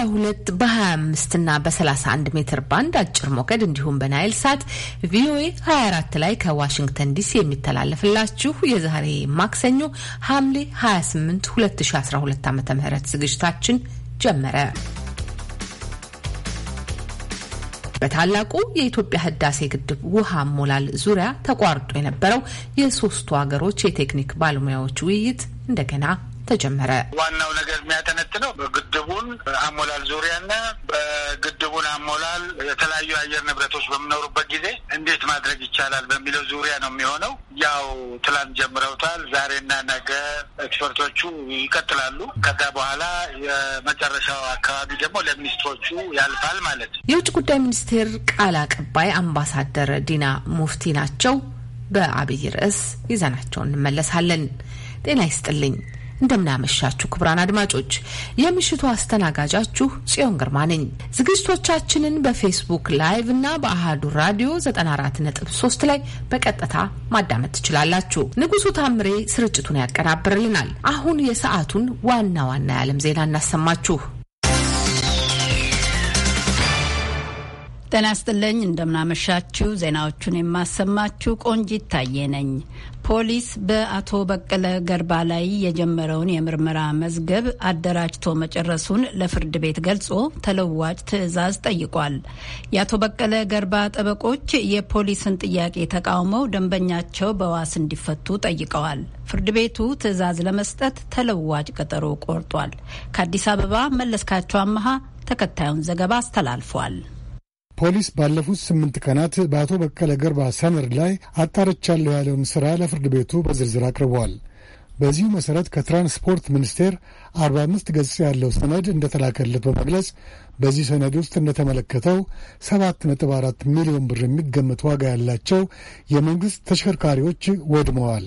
በ በ25 እና በ31 ሜትር ባንድ አጭር ሞገድ እንዲሁም በናይል ሳት ቪኦኤ 24 ላይ ከዋሽንግተን ዲሲ የሚተላለፍላችሁ የዛሬ ማክሰኞ ሐምሌ 28 2012 ዓ ም ዝግጅታችን ጀመረ። በታላቁ የኢትዮጵያ ህዳሴ ግድብ ውሃ ሞላል ዙሪያ ተቋርጦ የነበረው የሶስቱ ሀገሮች የቴክኒክ ባለሙያዎች ውይይት እንደገና ተጀመረ። ዋናው ነገር የሚያጠነጥነው አሞላል ዙሪያና በግድቡን አሞላል የተለያዩ አየር ንብረቶች በሚኖሩበት ጊዜ እንዴት ማድረግ ይቻላል በሚለው ዙሪያ ነው የሚሆነው። ያው ትላንት ጀምረውታል። ዛሬና ነገ ኤክስፐርቶቹ ይቀጥላሉ። ከዛ በኋላ የመጨረሻው አካባቢ ደግሞ ለሚኒስትሮቹ ያልፋል ማለት ነው። የውጭ ጉዳይ ሚኒስቴር ቃል አቀባይ አምባሳደር ዲና ሙፍቲ ናቸው። በአብይ ርዕስ ይዘናቸው እንመለሳለን። ጤና ይስጥልኝ። እንደምናመሻችሁ ክቡራን አድማጮች፣ የምሽቱ አስተናጋጃችሁ ጽዮን ግርማ ነኝ። ዝግጅቶቻችንን በፌስቡክ ላይቭ እና በአህዱ ራዲዮ 94.3 ላይ በቀጥታ ማዳመጥ ትችላላችሁ። ንጉሱ ታምሬ ስርጭቱን ያቀናብርልናል። አሁን የሰዓቱን ዋና ዋና የዓለም ዜና እናሰማችሁ። ጤና ይስጥልኝ። እንደምናመሻችሁ። ዜናዎቹን የማሰማችሁ ቆንጂት ታዬ ነኝ። ፖሊስ በአቶ በቀለ ገርባ ላይ የጀመረውን የምርመራ መዝገብ አደራጅቶ መጨረሱን ለፍርድ ቤት ገልጾ ተለዋጭ ትዕዛዝ ጠይቋል። የአቶ በቀለ ገርባ ጠበቆች የፖሊስን ጥያቄ ተቃውመው ደንበኛቸው በዋስ እንዲፈቱ ጠይቀዋል። ፍርድ ቤቱ ትዕዛዝ ለመስጠት ተለዋጭ ቀጠሮ ቆርጧል። ከአዲስ አበባ መለስካቸው አመሃ ተከታዩን ዘገባ አስተላልፏል። ፖሊስ ባለፉት ስምንት ቀናት በአቶ በቀለ ገርባ ሰመድ ላይ አጣርቻለሁ ያለውን ሥራ ለፍርድ ቤቱ በዝርዝር አቅርበዋል። በዚሁ መሠረት ከትራንስፖርት ሚኒስቴር 45 ገጽ ያለው ሰነድ እንደተላከለት በመግለጽ በዚህ ሰነድ ውስጥ እንደተመለከተው 7.4 ሚሊዮን ብር የሚገመት ዋጋ ያላቸው የመንግሥት ተሽከርካሪዎች ወድመዋል፣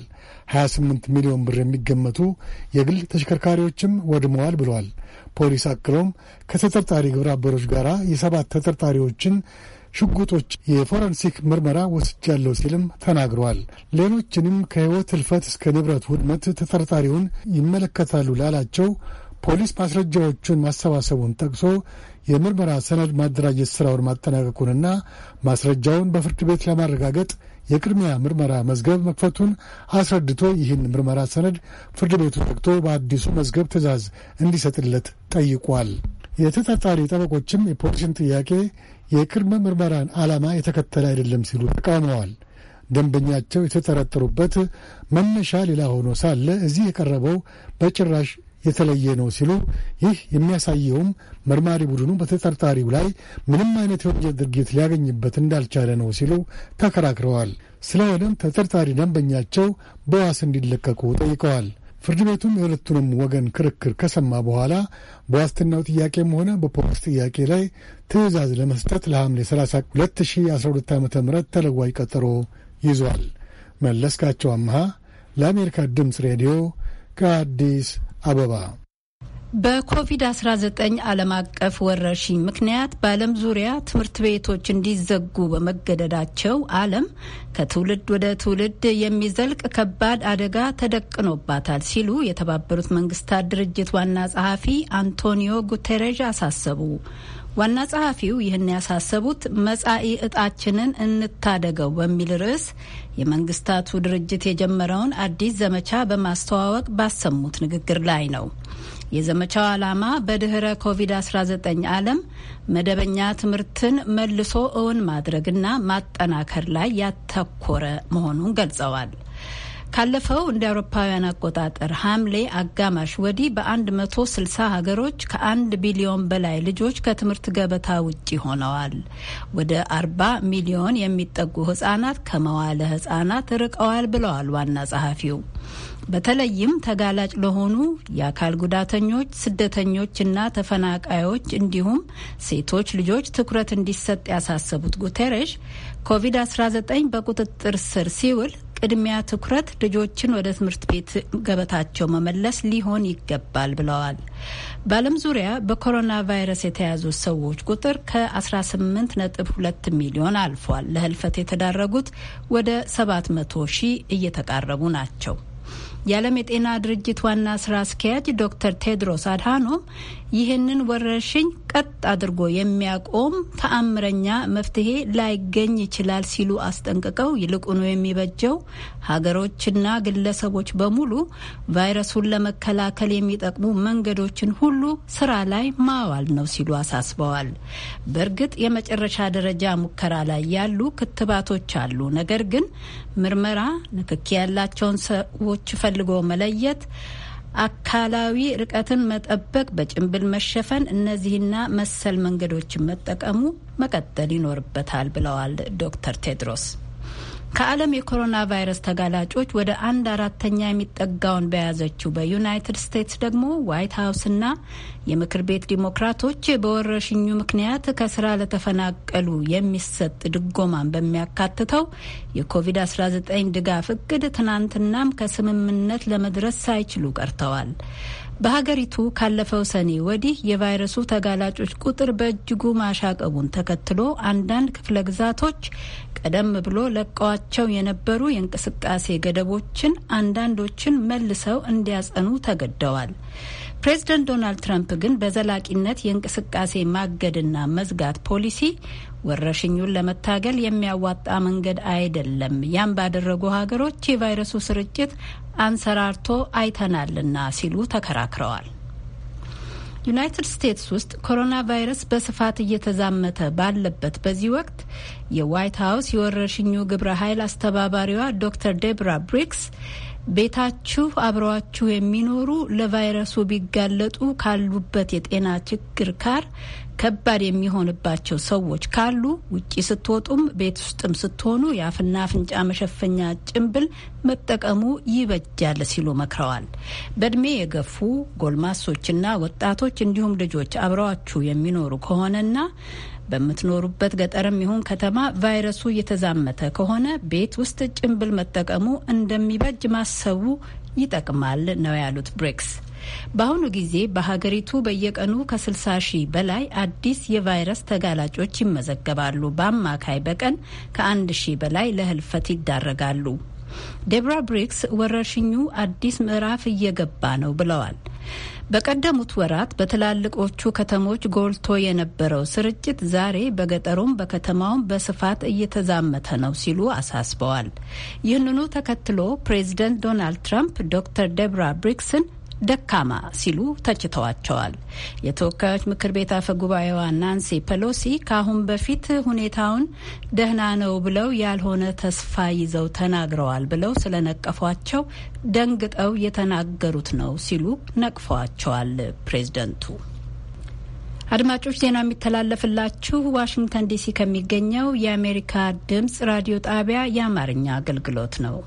28 ሚሊዮን ብር የሚገመቱ የግል ተሽከርካሪዎችም ወድመዋል ብሏል። ፖሊስ አክሎም ከተጠርጣሪ ግብረ አበሮች ጋር የሰባት ተጠርጣሪዎችን ሽጉጦች የፎረንሲክ ምርመራ ወስጃለሁ ሲልም ተናግረዋል። ሌሎችንም ከህይወት ህልፈት እስከ ንብረት ውድመት ተጠርጣሪውን ይመለከታሉ ላላቸው ፖሊስ ማስረጃዎቹን ማሰባሰቡን ጠቅሶ የምርመራ ሰነድ ማደራጀት ስራውን ማጠናቀቁንና ማስረጃውን በፍርድ ቤት ለማረጋገጥ የቅድሚያ ምርመራ መዝገብ መክፈቱን አስረድቶ ይህን ምርመራ ሰነድ ፍርድ ቤቱ ጠቅቶ በአዲሱ መዝገብ ትዕዛዝ እንዲሰጥለት ጠይቋል። የተጠርጣሪ ጠበቆችም የፖሊስን ጥያቄ የቅድመ ምርመራን ዓላማ የተከተለ አይደለም ሲሉ ተቃውመዋል። ደንበኛቸው የተጠረጠሩበት መነሻ ሌላ ሆኖ ሳለ እዚህ የቀረበው በጭራሽ የተለየ ነው ሲሉ ይህ የሚያሳየውም መርማሪ ቡድኑ በተጠርጣሪው ላይ ምንም አይነት የወንጀል ድርጊት ሊያገኝበት እንዳልቻለ ነው ሲሉ ተከራክረዋል። ስለሆነም ተጠርጣሪ ደንበኛቸው በዋስ እንዲለቀቁ ጠይቀዋል። ፍርድ ቤቱም የሁለቱንም ወገን ክርክር ከሰማ በኋላ በዋስትናው ጥያቄም ሆነ በፖሊስ ጥያቄ ላይ ትዕዛዝ ለመስጠት ለሐምሌ 30 2012 ዓ ም ተለዋጭ ቀጠሮ ይዟል። መለስካቸው አምሃ ለአሜሪካ ድምፅ ሬዲዮ ከአዲስ አበባ በኮቪድ-19 ዓለም አቀፍ ወረርሽኝ ምክንያት በዓለም ዙሪያ ትምህርት ቤቶች እንዲዘጉ በመገደዳቸው ዓለም ከትውልድ ወደ ትውልድ የሚዘልቅ ከባድ አደጋ ተደቅኖባታል ሲሉ የተባበሩት መንግስታት ድርጅት ዋና ጸሐፊ አንቶኒዮ ጉቴሬዥ አሳሰቡ። ዋና ጸሐፊው ይህን ያሳሰቡት መጻኢ እጣችንን እንታደገው በሚል ርዕስ የመንግስታቱ ድርጅት የጀመረውን አዲስ ዘመቻ በማስተዋወቅ ባሰሙት ንግግር ላይ ነው። የዘመቻው ዓላማ በድኅረ ኮቪድ-19 ዓለም መደበኛ ትምህርትን መልሶ እውን ማድረግና ማጠናከር ላይ ያተኮረ መሆኑን ገልጸዋል። ካለፈው እንደ አውሮፓውያን አቆጣጠር ሐምሌ አጋማሽ ወዲህ በ160 ሀገሮች ከ1 ቢሊዮን በላይ ልጆች ከትምህርት ገበታ ውጪ ሆነዋል። ወደ 40 ሚሊዮን የሚጠጉ ህጻናት ከመዋለ ህጻናት ርቀዋል ብለዋል ዋና ጸሐፊው። በተለይም ተጋላጭ ለሆኑ የአካል ጉዳተኞች፣ ስደተኞችና ተፈናቃዮች እንዲሁም ሴቶች ልጆች ትኩረት እንዲሰጥ ያሳሰቡት ጉቴሬሽ ኮቪድ-19 በቁጥጥር ስር ሲውል ቅድሚያ ትኩረት ልጆችን ወደ ትምህርት ቤት ገበታቸው መመለስ ሊሆን ይገባል ብለዋል። በዓለም ዙሪያ በኮሮና ቫይረስ የተያዙ ሰዎች ቁጥር ከ18.2 ሚሊዮን አልፏል። ለህልፈት የተዳረጉት ወደ 700 ሺህ እየተቃረቡ ናቸው። የዓለም የጤና ድርጅት ዋና ስራ አስኪያጅ ዶክተር ቴድሮስ አድሃኖም ይህንን ወረርሽኝ ቀጥ አድርጎ የሚያቆም ተአምረኛ መፍትሄ ላይገኝ ይችላል ሲሉ አስጠንቅቀው ይልቁኑ የሚበጀው ሀገሮችና ግለሰቦች በሙሉ ቫይረሱን ለመከላከል የሚጠቅሙ መንገዶችን ሁሉ ስራ ላይ ማዋል ነው ሲሉ አሳስበዋል። በእርግጥ የመጨረሻ ደረጃ ሙከራ ላይ ያሉ ክትባቶች አሉ። ነገር ግን ምርመራ፣ ንክኪ ያላቸውን ሰዎች ፈልጎ መለየት አካላዊ ርቀትን መጠበቅ፣ በጭንብል መሸፈን፣ እነዚህና መሰል መንገዶችን መጠቀሙ መቀጠል ይኖርበታል ብለዋል ዶክተር ቴድሮስ። ከዓለም የኮሮና ቫይረስ ተጋላጮች ወደ አንድ አራተኛ የሚጠጋውን በያዘችው በዩናይትድ ስቴትስ ደግሞ ዋይት ሀውስና የምክር ቤት ዲሞክራቶች በወረርሽኙ ምክንያት ከስራ ለተፈናቀሉ የሚሰጥ ድጎማን በሚያካትተው የኮቪድ-19 ድጋፍ እቅድ ትናንትናም ከስምምነት ለመድረስ ሳይችሉ ቀርተዋል። በሀገሪቱ ካለፈው ሰኔ ወዲህ የቫይረሱ ተጋላጮች ቁጥር በእጅጉ ማሻቀቡን ተከትሎ አንዳንድ ክፍለ ግዛቶች ቀደም ብሎ ለቀዋቸው የነበሩ የእንቅስቃሴ ገደቦችን አንዳንዶችን መልሰው እንዲያጸኑ ተገደዋል። ፕሬዝደንት ዶናልድ ትራምፕ ግን በዘላቂነት የእንቅስቃሴ ማገድና መዝጋት ፖሊሲ ወረሽኙን ለመታገል የሚያዋጣ መንገድ አይደለም፣ ያም ባደረጉ ሀገሮች የቫይረሱ ስርጭት አንሰራርቶ አይተናልና ሲሉ ተከራክረዋል። ዩናይትድ ስቴትስ ውስጥ ኮሮና ቫይረስ በስፋት እየተዛመተ ባለበት በዚህ ወቅት የዋይት ሀውስ የወረርሽኙ ግብረ ኃይል አስተባባሪዋ ዶክተር ዴብራ ብሪክስ ቤታችሁ አብረዋችሁ የሚኖሩ ለቫይረሱ ቢጋለጡ ካሉበት የጤና ችግር ጋር ከባድ የሚሆንባቸው ሰዎች ካሉ ውጪ ስትወጡም ቤት ውስጥም ስትሆኑ የአፍና አፍንጫ መሸፈኛ ጭንብል መጠቀሙ ይበጃል ሲሉ መክረዋል። በእድሜ የገፉ ጎልማሶችና ወጣቶች እንዲሁም ልጆች አብረዋችሁ የሚኖሩ ከሆነና በምትኖሩበት ገጠርም ይሁን ከተማ ቫይረሱ እየተዛመተ ከሆነ ቤት ውስጥ ጭንብል መጠቀሙ እንደሚበጅ ማሰቡ ይጠቅማል ነው ያሉት ብሪክስ። በአሁኑ ጊዜ በሀገሪቱ በየቀኑ ከ60 ሺህ በላይ አዲስ የቫይረስ ተጋላጮች ይመዘገባሉ። በአማካይ በቀን ከአንድ ሺህ በላይ ለህልፈት ይዳረጋሉ። ዴብራ ብሪክስ ወረርሽኙ አዲስ ምዕራፍ እየገባ ነው ብለዋል። በቀደሙት ወራት በትላልቆቹ ከተሞች ጎልቶ የነበረው ስርጭት ዛሬ በገጠሩም በከተማውም በስፋት እየተዛመተ ነው ሲሉ አሳስበዋል። ይህንኑ ተከትሎ ፕሬዚደንት ዶናልድ ትራምፕ ዶክተር ደብራ ብሪክስን ደካማ ሲሉ ተችተዋቸዋል። የተወካዮች ምክር ቤት አፈ ጉባኤዋ ናንሲ ፐሎሲ ከአሁን በፊት ሁኔታውን ደህና ነው ብለው ያልሆነ ተስፋ ይዘው ተናግረዋል ብለው ስለነቀፏቸው ደንግጠው የተናገሩት ነው ሲሉ ነቅፈዋቸዋል ፕሬዝደንቱ። አድማጮች ዜና የሚተላለፍላችሁ ዋሽንግተን ዲሲ ከሚገኘው የአሜሪካ ድምጽ ራዲዮ ጣቢያ የአማርኛ አገልግሎት ነው።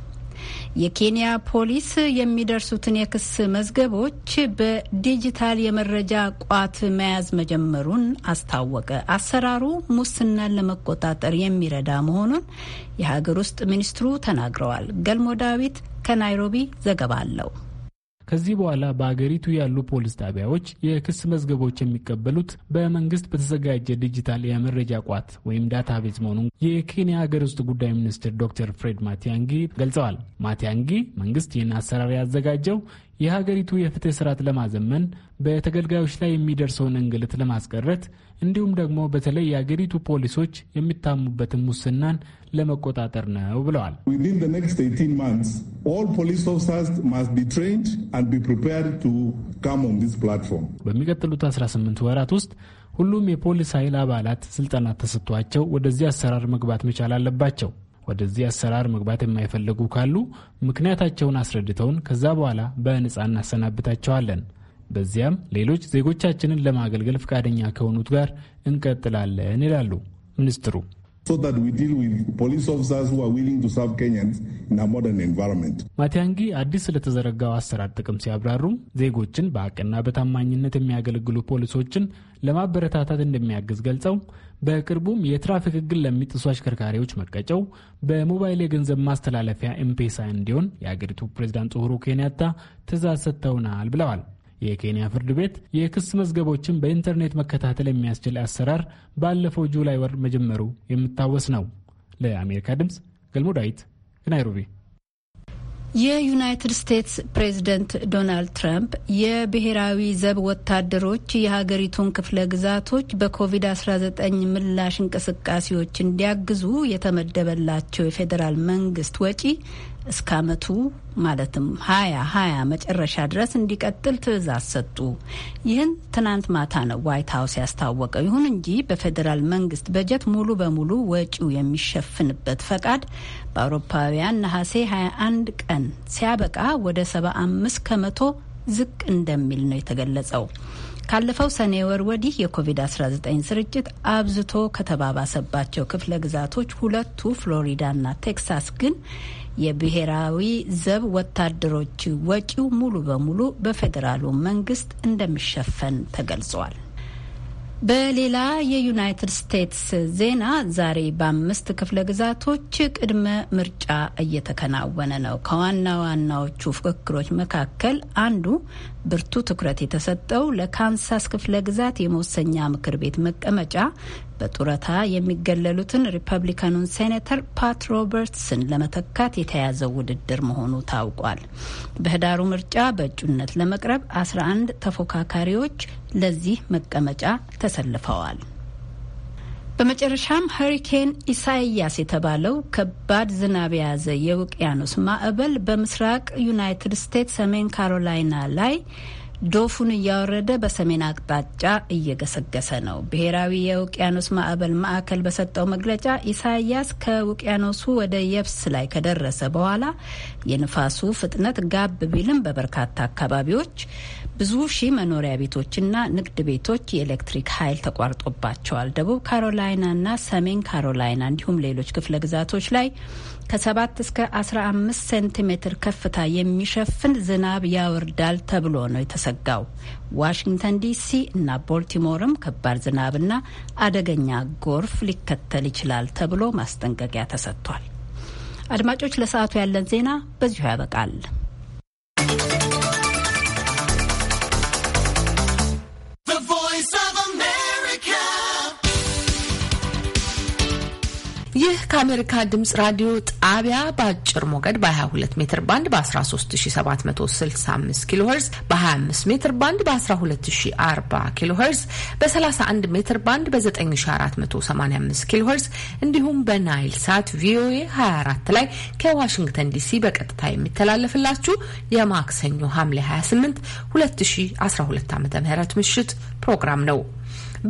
የኬንያ ፖሊስ የሚደርሱትን የክስ መዝገቦች በዲጂታል የመረጃ ቋት መያዝ መጀመሩን አስታወቀ። አሰራሩ ሙስናን ለመቆጣጠር የሚረዳ መሆኑን የሀገር ውስጥ ሚኒስትሩ ተናግረዋል። ገልሞ ዳዊት ከናይሮቢ ዘገባ አለው። ከዚህ በኋላ በአገሪቱ ያሉ ፖሊስ ጣቢያዎች የክስ መዝገቦች የሚቀበሉት በመንግስት በተዘጋጀ ዲጂታል የመረጃ ቋት ወይም ዳታቤዝ መሆኑን የኬንያ ሀገር ውስጥ ጉዳይ ሚኒስትር ዶክተር ፍሬድ ማቲያንጊ ገልጸዋል። ማቲያንጊ መንግስት ይህን አሰራር ያዘጋጀው የሀገሪቱ የፍትህ ስርዓት ለማዘመን በተገልጋዮች ላይ የሚደርሰውን እንግልት ለማስቀረት እንዲሁም ደግሞ በተለይ የአገሪቱ ፖሊሶች የሚታሙበትን ሙስናን ለመቆጣጠር ነው ብለዋል። በሚቀጥሉት 18 ወራት ውስጥ ሁሉም የፖሊስ ኃይል አባላት ስልጠና ተሰጥቷቸው ወደዚህ አሰራር መግባት መቻል አለባቸው። ወደዚህ አሰራር መግባት የማይፈልጉ ካሉ ምክንያታቸውን አስረድተውን ከዛ በኋላ በነጻ እናሰናብታቸዋለን። በዚያም ሌሎች ዜጎቻችንን ለማገልገል ፈቃደኛ ከሆኑት ጋር እንቀጥላለን ይላሉ ሚኒስትሩ። ማቲያንጊ አዲስ ስለተዘረጋው አሰራር ጥቅም ሲያብራሩም ዜጎችን በሀቅና በታማኝነት የሚያገለግሉ ፖሊሶችን ለማበረታታት እንደሚያግዝ ገልጸው በቅርቡም የትራፊክ ሕግን ለሚጥሱ አሽከርካሪዎች መቀጨው በሞባይል የገንዘብ ማስተላለፊያ ኤምፔሳ እንዲሆን የአገሪቱ ፕሬዚዳንት ኡሁሩ ኬንያታ ትእዛዝ ሰጥተውናል ብለዋል። የኬንያ ፍርድ ቤት የክስ መዝገቦችን በኢንተርኔት መከታተል የሚያስችል አሰራር ባለፈው ጁላይ ወር መጀመሩ የሚታወስ ነው። ለአሜሪካ ድምፅ ገልሞ ዳዊት ከናይሮቢ። የዩናይትድ ስቴትስ ፕሬዝደንት ዶናልድ ትራምፕ የብሔራዊ ዘብ ወታደሮች የሀገሪቱን ክፍለ ግዛቶች በኮቪድ-19 ምላሽ እንቅስቃሴዎች እንዲያግዙ የተመደበላቸው የፌዴራል መንግስት ወጪ እስከ አመቱ ማለትም ሀያ ሀያ መጨረሻ ድረስ እንዲቀጥል ትዕዛዝ ሰጡ። ይህን ትናንት ማታ ነው ዋይት ሀውስ ያስታወቀው። ይሁን እንጂ በፌዴራል መንግስት በጀት ሙሉ በሙሉ ወጪው የሚሸፍንበት ፈቃድ በአውሮፓውያን ነሐሴ 21 ቀን ሲያበቃ ወደ 75 ከመቶ ዝቅ እንደሚል ነው የተገለጸው። ካለፈው ሰኔ ወር ወዲህ የኮቪድ-19 ስርጭት አብዝቶ ከተባባሰባቸው ክፍለ ግዛቶች ሁለቱ ፍሎሪዳና ቴክሳስ ግን የብሔራዊ ዘብ ወታደሮች ወጪው ሙሉ በሙሉ በፌዴራሉ መንግስት እንደሚሸፈን ተገልጿል። በሌላ የዩናይትድ ስቴትስ ዜና ዛሬ በአምስት ክፍለ ግዛቶች ቅድመ ምርጫ እየተከናወነ ነው። ከዋና ዋናዎቹ ፍክክሮች መካከል አንዱ ብርቱ ትኩረት የተሰጠው ለካንሳስ ክፍለ ግዛት የመወሰኛ ምክር ቤት መቀመጫ በጡረታ የሚገለሉትን ሪፐብሊካኑን ሴኔተር ፓት ሮበርትስን ለመተካት የተያዘው ውድድር መሆኑ ታውቋል። በህዳሩ ምርጫ በእጩነት ለመቅረብ 11 ተፎካካሪዎች ለዚህ መቀመጫ ተሰልፈዋል። በመጨረሻም ሀሪኬን ኢሳይያስ የተባለው ከባድ ዝናብ የያዘ የውቅያኖስ ማዕበል በምስራቅ ዩናይትድ ስቴትስ ሰሜን ካሮላይና ላይ ዶፉን እያወረደ በሰሜን አቅጣጫ እየገሰገሰ ነው። ብሔራዊ የውቅያኖስ ማዕበል ማዕከል በሰጠው መግለጫ ኢሳያስ ከውቅያኖሱ ወደ የብስ ላይ ከደረሰ በኋላ የንፋሱ ፍጥነት ጋብ ቢልም በበርካታ አካባቢዎች ብዙ ሺህ መኖሪያ ቤቶችና ንግድ ቤቶች የኤሌክትሪክ ኃይል ተቋርጦባቸዋል። ደቡብ ካሮላይናና ሰሜን ካሮላይና እንዲሁም ሌሎች ክፍለ ግዛቶች ላይ ከሰባት እስከ እስከ 15 ሴንቲሜትር ከፍታ የሚሸፍን ዝናብ ያወርዳል ተብሎ ነው የተሰጋው። ዋሽንግተን ዲሲ እና ቦልቲሞርም ከባድ ዝናብና አደገኛ ጎርፍ ሊከተል ይችላል ተብሎ ማስጠንቀቂያ ተሰጥቷል። አድማጮች፣ ለሰዓቱ ያለን ዜና በዚሁ ያበቃል። ይህ ከአሜሪካ ድምጽ ራዲዮ ጣቢያ በአጭር ሞገድ በ22 ሜትር ባንድ በ13765 ኪሎ ሄርዝ በ25 ሜትር ባንድ በ1240 ኪሎ ሄርዝ በ31 ሜትር ባንድ በ9485 ኪሎ ሄርዝ እንዲሁም በናይል ሳት ቪኦኤ 24 ላይ ከዋሽንግተን ዲሲ በቀጥታ የሚተላለፍላችሁ የማክሰኞ ሐምሌ 28 2012 ዓ ም ምሽት ፕሮግራም ነው።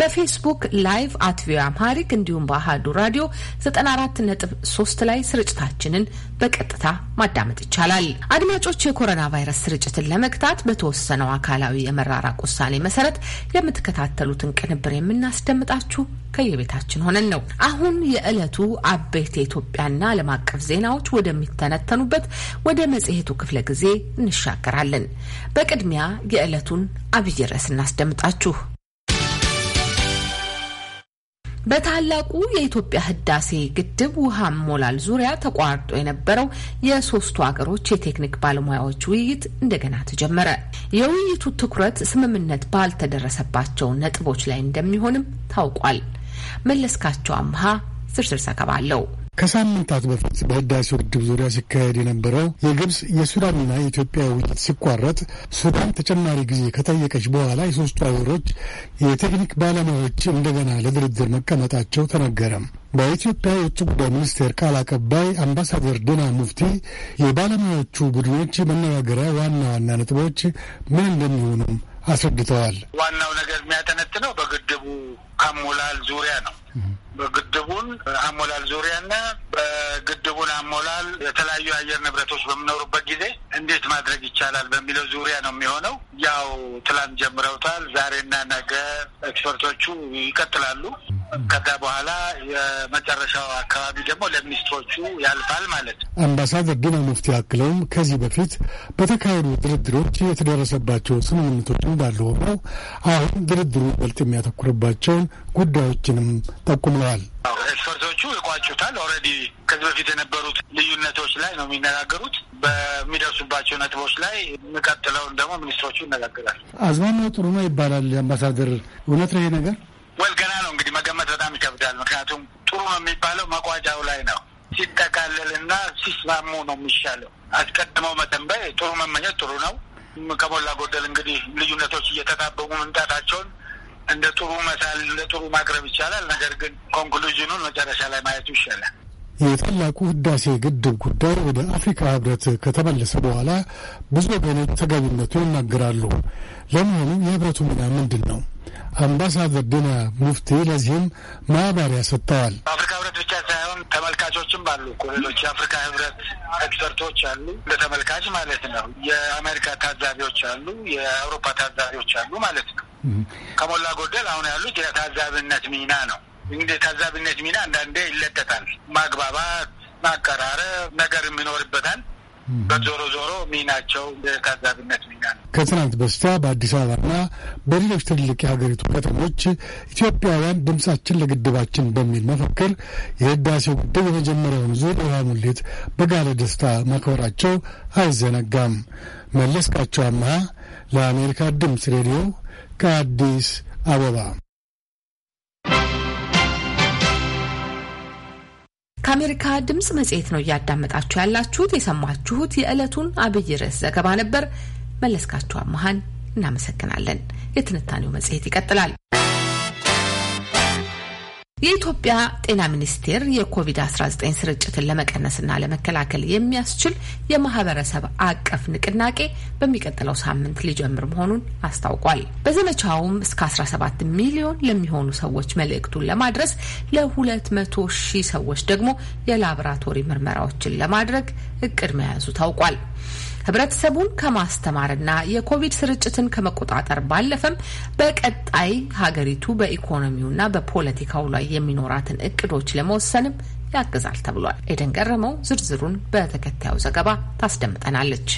በፌስቡክ ላይቭ አት ቪኦኤ አምሃሪክ እንዲሁም በአህዱ ራዲዮ 94.3 ላይ ስርጭታችንን በቀጥታ ማዳመጥ ይቻላል። አድማጮች፣ የኮሮና ቫይረስ ስርጭትን ለመግታት በተወሰነው አካላዊ የመራራቅ ውሳኔ መሰረት የምትከታተሉትን ቅንብር የምናስደምጣችሁ ከየቤታችን ሆነን ነው። አሁን የዕለቱ አበይት የኢትዮጵያና ዓለም አቀፍ ዜናዎች ወደሚተነተኑበት ወደ መጽሔቱ ክፍለ ጊዜ እንሻገራለን። በቅድሚያ የዕለቱን አብይ ርዕስ እናስደምጣችሁ። በታላቁ የኢትዮጵያ ህዳሴ ግድብ ውሃ ሞላል ዙሪያ ተቋርጦ የነበረው የሶስቱ ሀገሮች የቴክኒክ ባለሙያዎች ውይይት እንደገና ተጀመረ። የውይይቱ ትኩረት ስምምነት ባልተደረሰባቸው ነጥቦች ላይ እንደሚሆንም ታውቋል። መለስካቸው አምሃ ዝርዝር ዘገባ አለው። ከሳምንታት በፊት በህዳሴው ግድብ ዙሪያ ሲካሄድ የነበረው የግብፅ የሱዳንና የኢትዮጵያ ውይይት ሲቋረጥ ሱዳን ተጨማሪ ጊዜ ከጠየቀች በኋላ የሶስቱ አገሮች የቴክኒክ ባለሙያዎች እንደገና ለድርድር መቀመጣቸው ተነገረም። በኢትዮጵያ የውጭ ጉዳይ ሚኒስቴር ቃል አቀባይ አምባሳደር ዲና ሙፍቲ የባለሙያዎቹ ቡድኖች መነጋገሪያ ዋና ዋና ነጥቦች ምን እንደሚሆኑም አስረድተዋል። ዋናው ነገር የሚያጠነጥነው በግድቡ አሞላል ዙሪያ ነው። በግድቡን አሞላል ዙሪያና በግድቡን አሞላል የተለያዩ አየር ንብረቶች በሚኖሩበት ጊዜ እንዴት ማድረግ ይቻላል በሚለው ዙሪያ ነው የሚሆነው። ያው ትላንት ጀምረውታል። ዛሬና ነገ ኤክስፐርቶቹ ይቀጥላሉ። ከዛ በኋላ የመጨረሻው አካባቢ ደግሞ ለሚኒስትሮቹ ያልፋል ማለት ነው። አምባሳደር ዲና ሙፍቲ አክለውም ከዚህ በፊት በተካሄዱ ድርድሮች የተደረሰባቸው ስምምነቶች እንዳሉ ሆነው አሁን ድርድሩ ይበልጥ የሚያተኩርባቸውን ጉዳዮችንም ጠቁመዋል። ኤክስፐርቶቹ ይቋጩታል። ኦልሬዲ ከዚህ በፊት የነበሩት ልዩነቶች ላይ ነው የሚነጋገሩት። በሚደርሱባቸው ነጥቦች ላይ የሚቀጥለውን ደግሞ ሚኒስትሮቹ ይነጋገራል። አዝማሚያው ጥሩ ነው ይባላል። አምባሳደር፣ እውነት ነው ይሄ ነገር? ወል ገና ነው እንግዲህ መገመት በጣም ይከብዳል። ምክንያቱም ጥሩ ነው የሚባለው መቋጫው ላይ ነው። ሲጠቃለልና ሲስማሙ ነው የሚሻለው። አስቀድመው መተንበይ ጥሩ መመኘት ጥሩ ነው። ከሞላ ጎደል እንግዲህ ልዩነቶች እየተጣበቁ መምጣታቸውን እንደ ጥሩ መሳል እንደ ጥሩ ማቅረብ ይቻላል። ነገር ግን ኮንክሉዥኑን መጨረሻ ላይ ማየቱ ይሻላል። የታላቁ ህዳሴ ግድብ ጉዳይ ወደ አፍሪካ ህብረት ከተመለሰ በኋላ ብዙ ወገኖች ተገቢነቱ ይናገራሉ። ለመሆኑ የህብረቱ ሚና ምንድን ነው? አምባሳደር ዲና ሙፍቲ ለዚህም ማባሪያ ሰጥተዋል። በአፍሪካ ህብረት ብቻ ሳይሆን ተመልካቾችም አሉ እኮ ሌሎች የአፍሪካ ህብረት ኤክስፐርቶች አሉ፣ እንደ ተመልካች ማለት ነው። የአሜሪካ ታዛቢዎች አሉ፣ የአውሮፓ ታዛቢዎች አሉ ማለት ነው። ከሞላ ጎደል አሁን ያሉት የታዛብነት ሚና ነው። እንግዲህ ታዛቢነት ሚና አንዳንዴ ይለጠጣል። ማግባባት፣ ማቀራረብ ነገር የሚኖርበታል። በዞሮ ዞሮ ሚናቸው ታዛቢነት ሚና ነው። ከትናንት በስቲያ በአዲስ አበባና በሌሎች ትልቅ የሀገሪቱ ከተሞች ኢትዮጵያውያን ድምጻችን ለግድባችን በሚል መፈክር የህዳሴው ግድብ የመጀመሪያውን ዙር ውሃ ሙሌት በጋለ ደስታ ማክበራቸው አይዘነጋም። መለስካቸው አመሃ ለአሜሪካ ድምፅ ሬዲዮ ከአዲስ አበባ ከአሜሪካ ድምፅ መጽሔት ነው እያዳመጣችሁ ያላችሁት። የሰማችሁት የዕለቱን አብይ ርዕስ ዘገባ ነበር። መለስካችሁ አመሀን እናመሰግናለን። የትንታኔው መጽሔት ይቀጥላል። የኢትዮጵያ ጤና ሚኒስቴር የኮቪድ-19 ስርጭትን ለመቀነስና ለመከላከል የሚያስችል የማህበረሰብ አቀፍ ንቅናቄ በሚቀጥለው ሳምንት ሊጀምር መሆኑን አስታውቋል። በዘመቻውም እስከ 17 ሚሊዮን ለሚሆኑ ሰዎች መልእክቱን ለማድረስ ለ200 ሺህ ሰዎች ደግሞ የላቦራቶሪ ምርመራዎችን ለማድረግ እቅድ መያዙ ታውቋል። ህብረተሰቡን ከማስተማርና የኮቪድ ስርጭትን ከመቆጣጠር ባለፈም በቀጣይ ሀገሪቱ በኢኮኖሚውና በፖለቲካው ላይ የሚኖራትን እቅዶች ለመወሰንም ያግዛል ተብሏል። ኤደን ገረመው ዝርዝሩን በተከታዩ ዘገባ ታስደምጠናለች።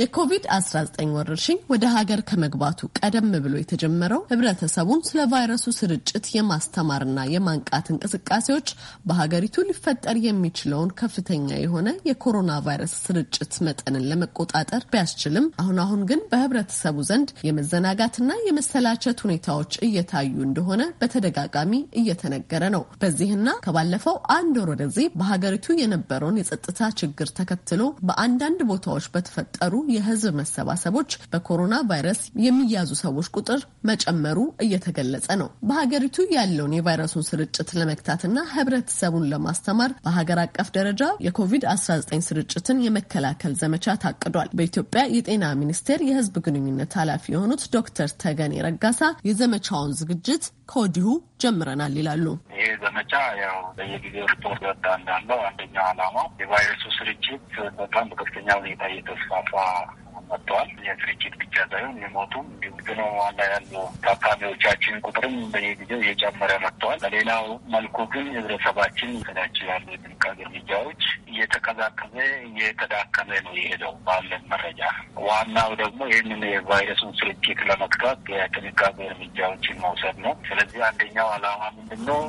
የኮቪድ-19 ወረርሽኝ ወደ ሀገር ከመግባቱ ቀደም ብሎ የተጀመረው ህብረተሰቡን ስለ ቫይረሱ ስርጭት የማስተማርና የማንቃት እንቅስቃሴዎች በሀገሪቱ ሊፈጠር የሚችለውን ከፍተኛ የሆነ የኮሮና ቫይረስ ስርጭት መጠንን ለመቆጣጠር ቢያስችልም አሁን አሁን ግን በህብረተሰቡ ዘንድ የመዘናጋትና የመሰላቸት ሁኔታዎች እየታዩ እንደሆነ በተደጋጋሚ እየተነገረ ነው። በዚህና ከባለፈው አንድ ወር ወደዚህ በሀገሪቱ የነበረውን የጸጥታ ችግር ተከትሎ በአንዳንድ ቦታዎች በተፈጠሩ የህዝብ መሰባሰቦች በኮሮና ቫይረስ የሚያዙ ሰዎች ቁጥር መጨመሩ እየተገለጸ ነው። በሀገሪቱ ያለውን የቫይረሱን ስርጭት ለመግታትና ህብረተሰቡን ለማስተማር በሀገር አቀፍ ደረጃ የኮቪድ-19 ስርጭትን የመከላከል ዘመቻ ታቅዷል። በኢትዮጵያ የጤና ሚኒስቴር የህዝብ ግንኙነት ኃላፊ የሆኑት ዶክተር ተገኔ ረጋሳ የዘመቻውን ዝግጅት ከወዲሁ ጀምረናል ይላሉ። ይህ ዘመቻ ያው በየጊዜው ሪፖርት ወጣ እንዳለው አንደኛው ዓላማው የቫይረሱ ስርጭት በጣም በከፍተኛ ሁኔታ እየተስፋፋ out. መጥተዋል። የስርጭት ብቻ ሳይሆን የሞቱም እንዲሁም ሕሙማን ያሉ ታካሚዎቻችን ቁጥርም በየጊዜው እየጨመረ መጥተዋል። በሌላው መልኩ ግን ህብረተሰባችን ከዳች ያሉ የጥንቃቄ እርምጃዎች እየተቀዛቀዘ እየተዳከመ ነው የሄደው ባለን መረጃ። ዋናው ደግሞ ይህንን የቫይረሱን ስርጭት ለመግታት የጥንቃቄ እርምጃዎችን መውሰድ ነው። ስለዚህ አንደኛው አላማ ምንድን ነው?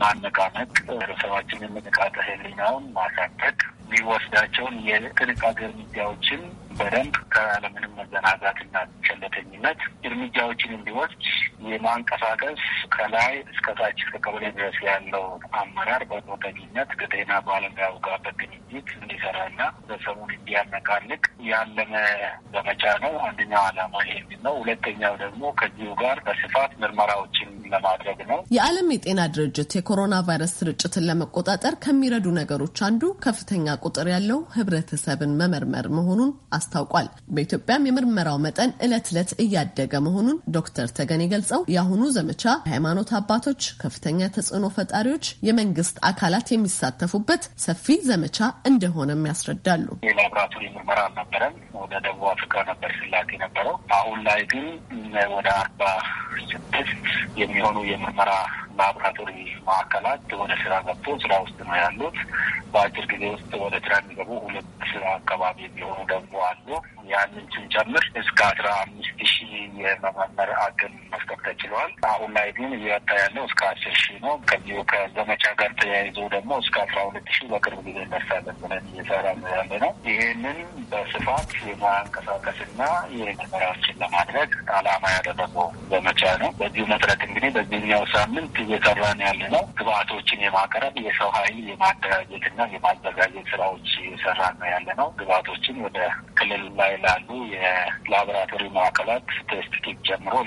ማነቃመቅ ማነቃነቅ፣ ህብረተሰባችንን ንቃተ ህሊናውን ማሳደግ የሚወስዳቸውን የጥንቃቄ እርምጃዎችን በደንብ ካለምንም መዘናጋትና ቸለተኝነት እርምጃዎችን እንዲወስድ የማንቀሳቀስ ከላይ እስከታች እስከ ቀበሌ ድረስ ያለው አመራር በጎጠኝነት ከጤና ባለሙያው ጋር በግንኙነት እንዲሰራና በሰሙን እንዲያነቃንቅ ያለመ ዘመቻ ነው። አንደኛው ዓላማ ይሄ ነው። ሁለተኛው ደግሞ ከዚሁ ጋር በስፋት ምርመራዎችን ለማድረግ ነው። የዓለም የጤና ድርጅት የኮሮና ቫይረስ ስርጭትን ለመቆጣጠር ከሚረዱ ነገሮች አንዱ ከፍተኛ ቁጥር ያለው ህብረተሰብን መመርመር መሆኑን አስታውቋል። በኢትዮጵያም የምርመራው መጠን እለት እለት እያደገ መሆኑን ዶክተር ተገኔ ገልጸው የአሁኑ ዘመቻ የሃይማኖት አባቶች፣ ከፍተኛ ተጽዕኖ ፈጣሪዎች፣ የመንግስት አካላት የሚሳተፉበት ሰፊ ዘመቻ እንደሆነም ያስረዳሉ። የላብራቶሪ ምርመራ አልነበረም። ወደ ደቡብ አፍሪካ ነበር ስላክ የነበረው። አሁን ላይ ግን ወደ አርባ ስድስት የሚሆ የሚሆኑ የምርመራ ላብራቶሪ ማዕከላት ወደ ስራ ገብቶ ስራ ውስጥ ነው ያሉት። በአጭር ጊዜ ውስጥ ወደ ስራ የሚገቡ ሁለት አካባቢ የሚሆኑ ደግሞ አሉ። ያንን ስንጨምር እስከ አስራ አምስት ሺህ የመመመር አቅም መስጠት ተችሏል። አሁን ላይ ግን እየወጣ ያለው እስከ አስር ሺህ ነው። ከዚሁ ከዘመቻ ጋር ተያይዞ ደግሞ እስከ አስራ ሁለት ሺህ በቅርብ ጊዜ እንደርሳለን ብለን እየሰራ ያለ ነው። ይህንን በስፋት የማንቀሳቀስና የመመራችን ለማድረግ አላማ ያደረገው ዘመቻ ነው። በዚሁ መሰረት እንግዲህ በዚህኛው ሳምንት እየሰራን ያለ ነው። ግብአቶችን የማቅረብ የሰው ኃይል የማደራጀትና የማዘጋጀት ስራዎች እየሰራን ነው ያለ ነው። ግብአቶችን ወደ ክልል ላይ ላሉ የላቦራቶሪ ማዕከላት ቴስት ኪት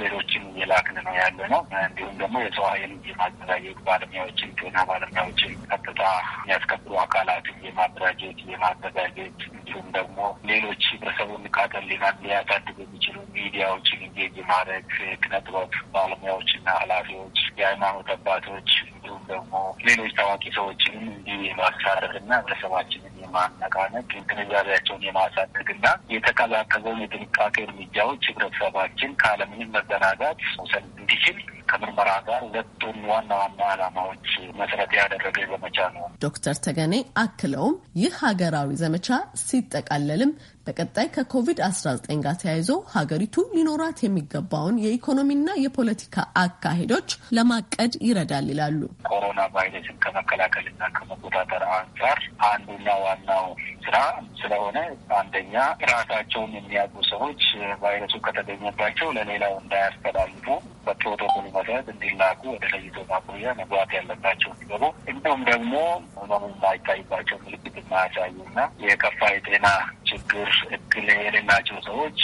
ሌሎችን እየላክን ነው ያለ ነው። እንዲሁም ደግሞ የሰው ኃይል የማዘጋጀት ባለሙያዎችን፣ ጤና ባለሙያዎችን፣ ቀጥታ የሚያስከብሩ አካላትን የማደራጀት የማዘጋጀት እንዲሁም ደግሞ ሌሎች ህብረሰቡ ንቃተ ህሊናን ሊያሳድጉ የሚችሉ ሚዲያዎችን እንጌጅ ማድረግ ክነጥበብ ባለሙያዎችና ኃላፊዎች፣ የሃይማኖት አባቶች እንዲሁም ደግሞ ሌሎች ታዋቂ ሰዎችንም የማሳረፍ የማሳረፍና ህብረሰባችንን የማነቃነቅ ግንዛቤያቸውን የማሳደግ የማሳደግና የተቀላቀለውን የጥንቃቄ እርምጃዎች ህብረተሰባችን ከአለምንም መዘናጋት መውሰድ እንዲችል ከምርመራ ጋር ሁለቱን ዋና ዋና ዓላማዎች መሰረት ያደረገ ዘመቻ ነው። ዶክተር ተገኔ አክለውም ይህ ሀገራዊ ዘመቻ ሲጠቃለልም በቀጣይ ከኮቪድ-19 ጋር ተያይዞ ሀገሪቱ ሊኖራት የሚገባውን የኢኮኖሚና የፖለቲካ አካሄዶች ለማቀድ ይረዳል ይላሉ። ኮሮና ቫይረስን ከመከላከልና ከመቆጣጠር አንጻር አንዱና ዋናው ስራ ስለሆነ አንደኛ ራሳቸውን የሚያውቁ ሰዎች ቫይረሱ ከተገኘባቸው ለሌላው እንዳያስተላልፉ በፕሮቶኮል መሰረት እንዲላኩ ወደ ለይቶ ማቆያ መግባት ያለባቸው እንዲገቡ እንዲሁም ደግሞ ህመሙ የማይታይባቸው ምልክት የማያሳዩና የከፋ የጤና ችግር እክል የሌላቸው ሰዎች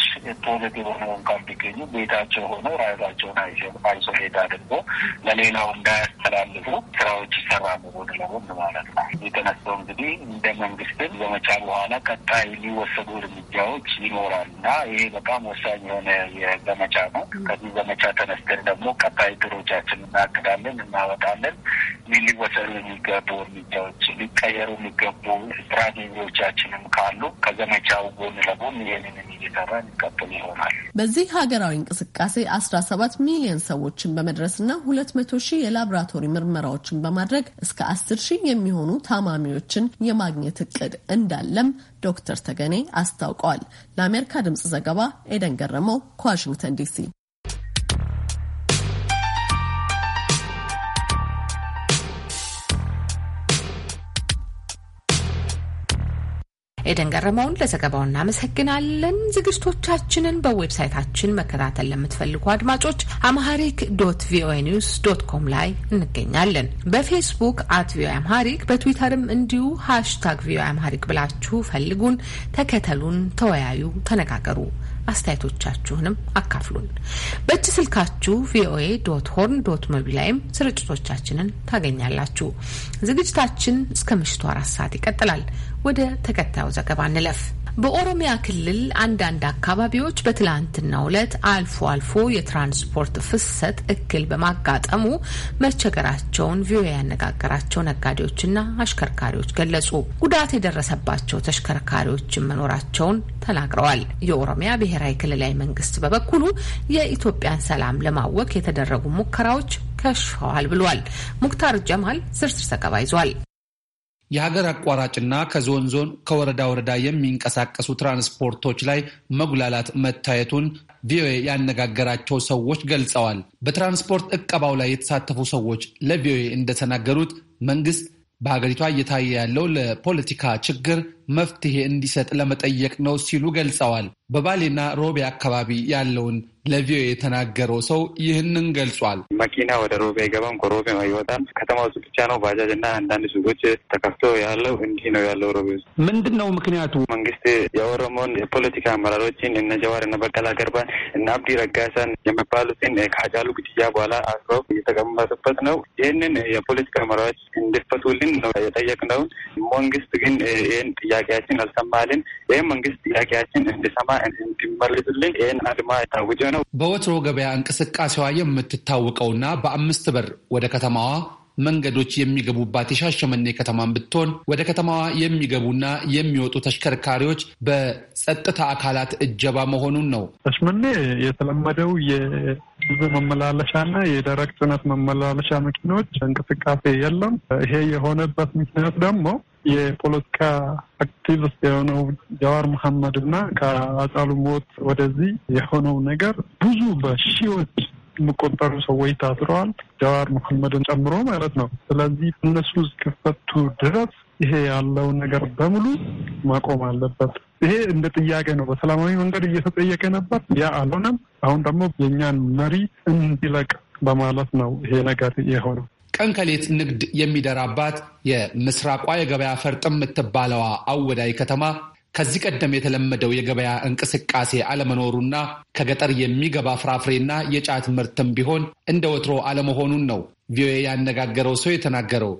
ፖዘቲቭ ሆነው እንኳን ቢገኙ ቤታቸው ሆኖ ራሳቸውን አይሶሌት አድርጎ ለሌላው እንዳያስተላልፉ ስራዎች ይሰራሉ፣ ወደ ለጎን ማለት ነው። የተነሳው እንግዲህ እንደ መንግስትን ዘመቻ በኋላ ቀጣይ ሊወሰዱ እርምጃዎች ይኖራል እና ይሄ በጣም ወሳኝ የሆነ የዘመቻ ነው። ከዚህ ዘመቻ ተነስተን ደግሞ ቀጣይ ድሮቻችን እናቅዳለን፣ እናወጣለን። ሊወሰዱ የሚገቡ እርምጃዎች ሊቀየሩ የሚገቡ ስትራቴጂዎቻችንም ካሉ ከዘመቻው ጎን ለጎን ይህንን እየሰራ እንቀጥል ይሆናል። በዚህ ሀገራዊ እንቅስቃሴ አስራ ሰባት ሚሊዮን ሰዎችን በመድረስና ሁለት መቶ ሺህ የላብራቶሪ ምርመራዎችን በማድረግ እስከ አስር ሺህ የሚሆኑ ታማሚዎችን የማግኘት እቅድ እንዳለም ዶክተር ተገኔ አስታውቀዋል። ለአሜሪካ ድምጽ ዘገባ ኤደን ገረመው ከዋሽንግተን ዲሲ ኤደን ገረመውን ለዘገባው እናመሰግናለን። ዝግጅቶቻችንን በዌብሳይታችን መከታተል ለምትፈልጉ አድማጮች አምሃሪክ ዶት ቪኦኤ ኒውስ ዶት ኮም ላይ እንገኛለን። በፌስቡክ አት ቪኦኤ አምሃሪክ፣ በትዊተርም እንዲሁ ሃሽታግ ቪኦኤ አምሃሪክ ብላችሁ ፈልጉን፣ ተከተሉን፣ ተወያዩ፣ ተነጋገሩ። አስተያየቶቻችሁንም አካፍሉን። በእጅ ስልካችሁ ቪኦኤ ዶት ሆርን ዶት ሞቢ ላይም ስርጭቶቻችንን ታገኛላችሁ። ዝግጅታችን እስከ ምሽቱ አራት ሰዓት ይቀጥላል። ወደ ተከታዩ ዘገባ እንለፍ። በኦሮሚያ ክልል አንዳንድ አካባቢዎች በትላንትናው ዕለት አልፎ አልፎ የትራንስፖርት ፍሰት እክል በማጋጠሙ መቸገራቸውን ቪኦኤ ያነጋገራቸው ነጋዴዎችና አሽከርካሪዎች ገለጹ። ጉዳት የደረሰባቸው ተሽከርካሪዎችን መኖራቸውን ተናግረዋል። የኦሮሚያ ብሔራዊ ክልላዊ መንግስት በበኩሉ የኢትዮጵያን ሰላም ለማወክ የተደረጉ ሙከራዎች ከሽፈዋል ብሏል። ሙክታር ጀማል ዝርዝር ዘገባ ይዟል። የሀገር አቋራጭና ከዞን ዞን ከወረዳ ወረዳ የሚንቀሳቀሱ ትራንስፖርቶች ላይ መጉላላት መታየቱን ቪኦኤ ያነጋገራቸው ሰዎች ገልጸዋል። በትራንስፖርት እቀባው ላይ የተሳተፉ ሰዎች ለቪኦኤ እንደተናገሩት መንግስት በሀገሪቷ እየታየ ያለው ለፖለቲካ ችግር መፍትሄ እንዲሰጥ ለመጠየቅ ነው ሲሉ ገልጸዋል። በባሌና ሮቤ አካባቢ ያለውን ለቪኦኤ የተናገረው ሰው ይህንን ገልጿል። መኪና ወደ ሮቤ አይገባም፣ ከሮቤ አይወጣም። ከተማ ውስጥ ብቻ ነው ባጃጅ እና አንዳንድ ሱቆች ተከፍቶ ያለው እንዲህ ነው ያለው። ሮቤ ውስጥ ምንድን ነው ምክንያቱ? መንግስት የኦሮሞን የፖለቲካ አመራሮችን እነ ጀዋር፣ እነ በቀላ ገርባን፣ እነ አብዲ ረጋሳን የሚባሉትን ከአጫሉ ግድያ በኋላ አስሮ እየተቀመጡበት ነው። ይህንን የፖለቲካ አመራሮች እንዲፈቱልን ነው የጠየቅነውን። መንግስት ግን ይህን ጥያቄያችን አልሰማልን። ይህም መንግስት ጥያቄያችን እንዲሰማ እንዲመልስልን ይህን አድማ ታውጀ ነው። በወትሮ ገበያ እንቅስቃሴዋ የምትታወቀውና በአምስት በር ወደ ከተማዋ መንገዶች የሚገቡባት የሻሸመኔ ከተማን ብትሆን ወደ ከተማዋ የሚገቡና የሚወጡ ተሽከርካሪዎች በጸጥታ አካላት እጀባ መሆኑን ነው። ሻሸመኔ የተለመደው የህዝብ መመላለሻና የደረቅ ጭነት መመላለሻ መኪኖች እንቅስቃሴ የለም። ይሄ የሆነበት ምክንያት ደግሞ የፖለቲካ አክቲቪስት የሆነው ጀዋር መሐመድ እና ከአጫሉ ሞት ወደዚህ የሆነው ነገር ብዙ በሺዎች የሚቆጠሩ ሰዎች ታስረዋል፣ ጀዋር መሐመድን ጨምሮ ማለት ነው። ስለዚህ እነሱ እስከፈቱ ድረስ ይሄ ያለው ነገር በሙሉ ማቆም አለበት። ይሄ እንደ ጥያቄ ነው። በሰላማዊ መንገድ እየተጠየቀ ነበር፣ ያ አልሆነም። አሁን ደግሞ የእኛን መሪ እንዲለቅ በማለት ነው ይሄ ነገር የሆነው። ቀን ከሌት ንግድ የሚደራባት የምስራቋ የገበያ ፈርጥ የምትባለዋ አወዳይ ከተማ ከዚህ ቀደም የተለመደው የገበያ እንቅስቃሴ አለመኖሩና ከገጠር የሚገባ ፍራፍሬና የጫት ምርትም ቢሆን እንደ ወትሮ አለመሆኑን ነው ቪኦኤ ያነጋገረው ሰው የተናገረው።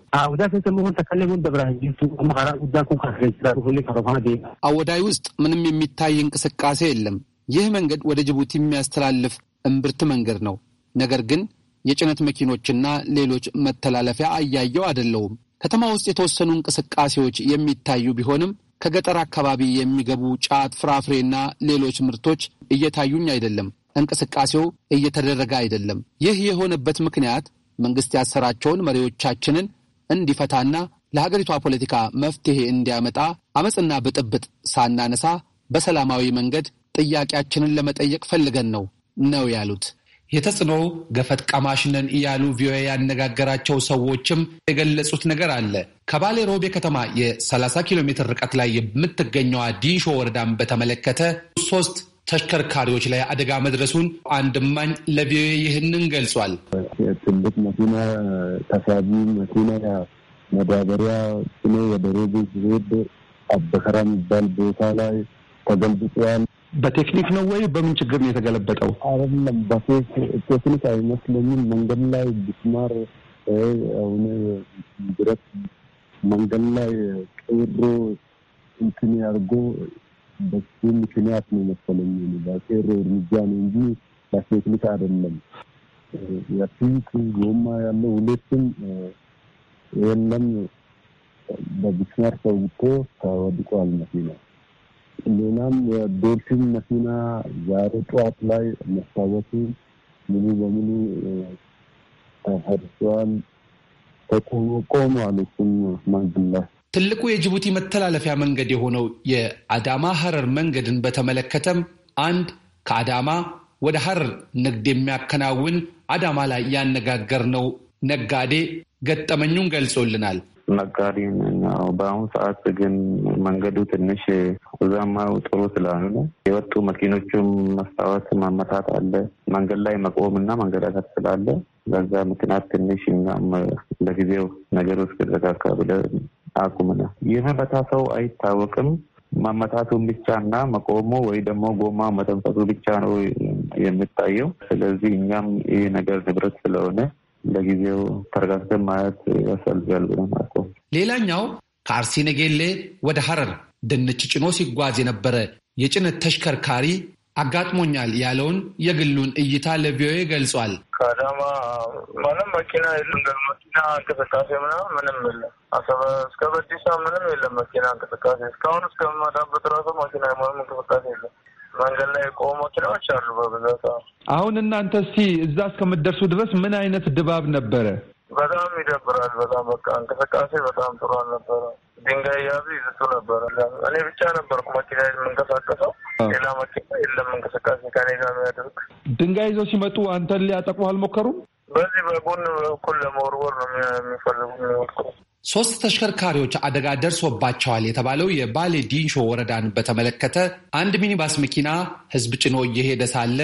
አወዳይ ውስጥ ምንም የሚታይ እንቅስቃሴ የለም። ይህ መንገድ ወደ ጅቡቲ የሚያስተላልፍ እምብርት መንገድ ነው። ነገር ግን የጭነት መኪኖችና ሌሎች መተላለፊያ አያየው አይደለውም። ከተማ ውስጥ የተወሰኑ እንቅስቃሴዎች የሚታዩ ቢሆንም ከገጠር አካባቢ የሚገቡ ጫት፣ ፍራፍሬና ሌሎች ምርቶች እየታዩኝ አይደለም። እንቅስቃሴው እየተደረገ አይደለም። ይህ የሆነበት ምክንያት መንግስት ያሰራቸውን መሪዎቻችንን እንዲፈታና ለሀገሪቷ ፖለቲካ መፍትሄ እንዲያመጣ አመፅና ብጥብጥ ሳናነሳ በሰላማዊ መንገድ ጥያቄያችንን ለመጠየቅ ፈልገን ነው ነው ያሉት የተጽዕኖ ገፈት ቀማሽነን እያሉ ቪኦኤ ያነጋገራቸው ሰዎችም የገለጹት ነገር አለ። ከባሌ ሮቤ ከተማ የ30 ኪሎ ሜትር ርቀት ላይ የምትገኘዋ ዲንሾ ወረዳን በተመለከተ ሶስት ተሽከርካሪዎች ላይ አደጋ መድረሱን አንድ እማኝ ለቪኦኤ ይህንን ገልጿል። ትልቅ መኪና ተሳቢ መኪና መዳበሪያ ጭኖ ወደ ሮቤ ሲሄድ አበከራ የሚባል ቦታ ላይ ተገልብጠዋል። በቴክኒክ ነው ወይ በምን ችግር ነው የተገለበጠው? አይደለም በቴክኒክ አይመስለኝም። መንገድ ላይ ቢስማር አሁን ብረት መንገድ ላይ ቀብሮ እንትን ያርጎ በሱ ምክንያት ነው መሰለኝ በቀብሮ እርምጃ ነው እንጂ በቴክኒክ አይደለም። የፊት ጎማ ያለው ሁለቱም የለም በቢስማር ተውጦ ተወድቋል መኪና ሌላም የዶልፊን መኪና ዛሬ ጠዋት ላይ መታወቱ ሙሉ በሙሉ ተፈርሷል። ተቆሞ ቆሟል። እሱም ትልቁ የጅቡቲ መተላለፊያ መንገድ የሆነው የአዳማ ሀረር መንገድን በተመለከተም አንድ ከአዳማ ወደ ሀረር ንግድ የሚያከናውን አዳማ ላይ ያነጋገርነው ነጋዴ ገጠመኙን ገልጾልናል። ነጋዴም ነው። በአሁኑ ሰዓት ግን መንገዱ ትንሽ እዛማው ጥሩ ስላልሆነ የወጡ መኪኖቹም መስታወት ማመታት አለ። መንገድ ላይ መቆም እና መንገዳታት ስላለ በዛ ምክንያት ትንሽ እኛም ለጊዜው ነገሮች ከተካካ ብለን አቁምና የመመታ ሰው አይታወቅም። ማመታቱን ብቻ እና መቆሙ ወይ ደግሞ ጎማ መተንፈሱ ብቻ ነው የምታየው። ስለዚህ እኛም ይህ ነገር ንብረት ስለሆነ ለጊዜው ተረጋግተን ማየት ያስፈልጋል ብለን አቆም። ሌላኛው ከአርሲ ነጌሌ ወደ ሐረር ድንች ጭኖ ሲጓዝ የነበረ የጭነት ተሽከርካሪ አጋጥሞኛል ያለውን የግሉን እይታ ለቪኦኤ ገልጿል። ከአዳማ ምንም መኪና የለም። መኪና እንቅስቃሴ ምናምን ምንም የለም። አሰበ እስከ በዲሳ ምንም የለም መኪና እንቅስቃሴ። እስካሁን እስከምመጣበት ራሱ መኪና የሆነም እንቅስቃሴ የለም። መንገድ ላይ የቆሙ መኪናዎች አሉ በብዛት። አሁን እናንተ እስቲ እዛ እስከምትደርሱ ድረስ ምን አይነት ድባብ ነበረ? በጣም ይደብራል። በጣም በቃ እንቅስቃሴ በጣም ጥሩ አልነበረ። ድንጋይ ያዙ ይዝቱ ነበረ። እኔ ብቻ ነበርኩ መኪና የምንቀሳቀሰው፣ ሌላ መኪና የለም እንቅስቃሴ ከኔ ጋር የሚያደርግ። ድንጋይ ይዘው ሲመጡ አንተን ሊያጠቁ አልሞከሩም? በዚህ በጎን በኩል ለመወርወር ነው የሚፈልጉ የሚወልቁ ሶስት ተሽከርካሪዎች አደጋ ደርሶባቸዋል የተባለው የባሌ ዲንሾ ወረዳን በተመለከተ አንድ ሚኒባስ መኪና ህዝብ ጭኖ እየሄደ ሳለ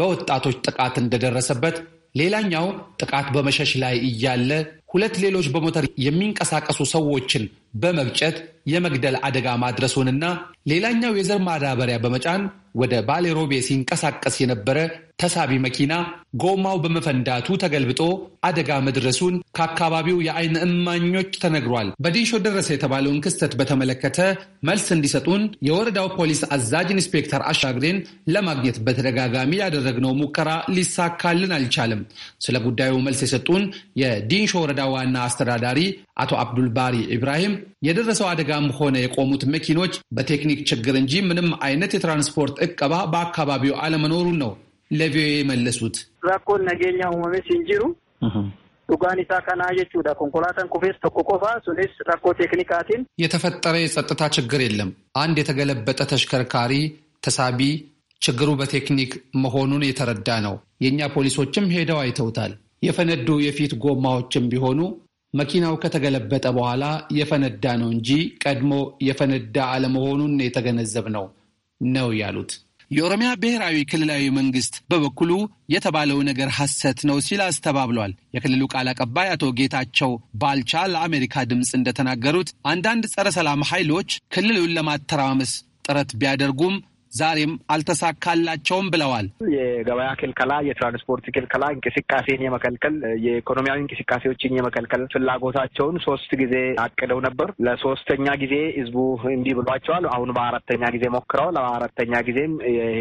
በወጣቶች ጥቃት እንደደረሰበት፣ ሌላኛው ጥቃት በመሸሽ ላይ እያለ ሁለት ሌሎች በሞተር የሚንቀሳቀሱ ሰዎችን በመግጨት የመግደል አደጋ ማድረሱንና ሌላኛው የዘር ማዳበሪያ በመጫን ወደ ባሌሮቤ ሲንቀሳቀስ የነበረ ተሳቢ መኪና ጎማው በመፈንዳቱ ተገልብጦ አደጋ መድረሱን ከአካባቢው የአይን እማኞች ተነግሯል። በዲንሾ ደረሰ የተባለውን ክስተት በተመለከተ መልስ እንዲሰጡን የወረዳው ፖሊስ አዛዥ ኢንስፔክተር አሻግሬን ለማግኘት በተደጋጋሚ ያደረግነው ሙከራ ሊሳካልን አልቻለም። ስለ ጉዳዩ መልስ የሰጡን የዲንሾ ወረዳ ዋና አስተዳዳሪ አቶ አብዱልባሪ ኢብራሂም የደረሰው አደጋ አደጋም ሆነ የቆሙት መኪኖች በቴክኒክ ችግር እንጂ ምንም አይነት የትራንስፖርት እቀባ በአካባቢው አለመኖሩን ነው ለቪኦኤ የመለሱት። ራኮን ነገኛ ውመሜስ እንጂሩ ዱጋኒሳ ከና የቹዳ ኮንኮላተን ኩፌስ ተኮኮፋ ሱኔስ ራኮ ቴክኒካቲን የተፈጠረ የጸጥታ ችግር የለም። አንድ የተገለበጠ ተሽከርካሪ ተሳቢ ችግሩ በቴክኒክ መሆኑን የተረዳ ነው። የእኛ ፖሊሶችም ሄደው አይተውታል። የፈነዱ የፊት ጎማዎችም ቢሆኑ መኪናው ከተገለበጠ በኋላ የፈነዳ ነው እንጂ ቀድሞ የፈነዳ አለመሆኑን የተገነዘብ ነው ነው ያሉት። የኦሮሚያ ብሔራዊ ክልላዊ መንግስት በበኩሉ የተባለው ነገር ሐሰት ነው ሲል አስተባብሏል። የክልሉ ቃል አቀባይ አቶ ጌታቸው ባልቻ ለአሜሪካ ድምፅ እንደተናገሩት አንዳንድ ጸረ ሰላም ኃይሎች ክልሉን ለማተራመስ ጥረት ቢያደርጉም ዛሬም አልተሳካላቸውም ብለዋል። የገበያ ክልከላ፣ የትራንስፖርት ክልከላ፣ እንቅስቃሴን የመከልከል የኢኮኖሚያዊ እንቅስቃሴዎችን የመከልከል ፍላጎታቸውን ሶስት ጊዜ አቅደው ነበር። ለሶስተኛ ጊዜ ህዝቡ እንዲህ ብሏቸዋል። አሁን በአራተኛ ጊዜ ሞክረዋል። ለአራተኛ ጊዜም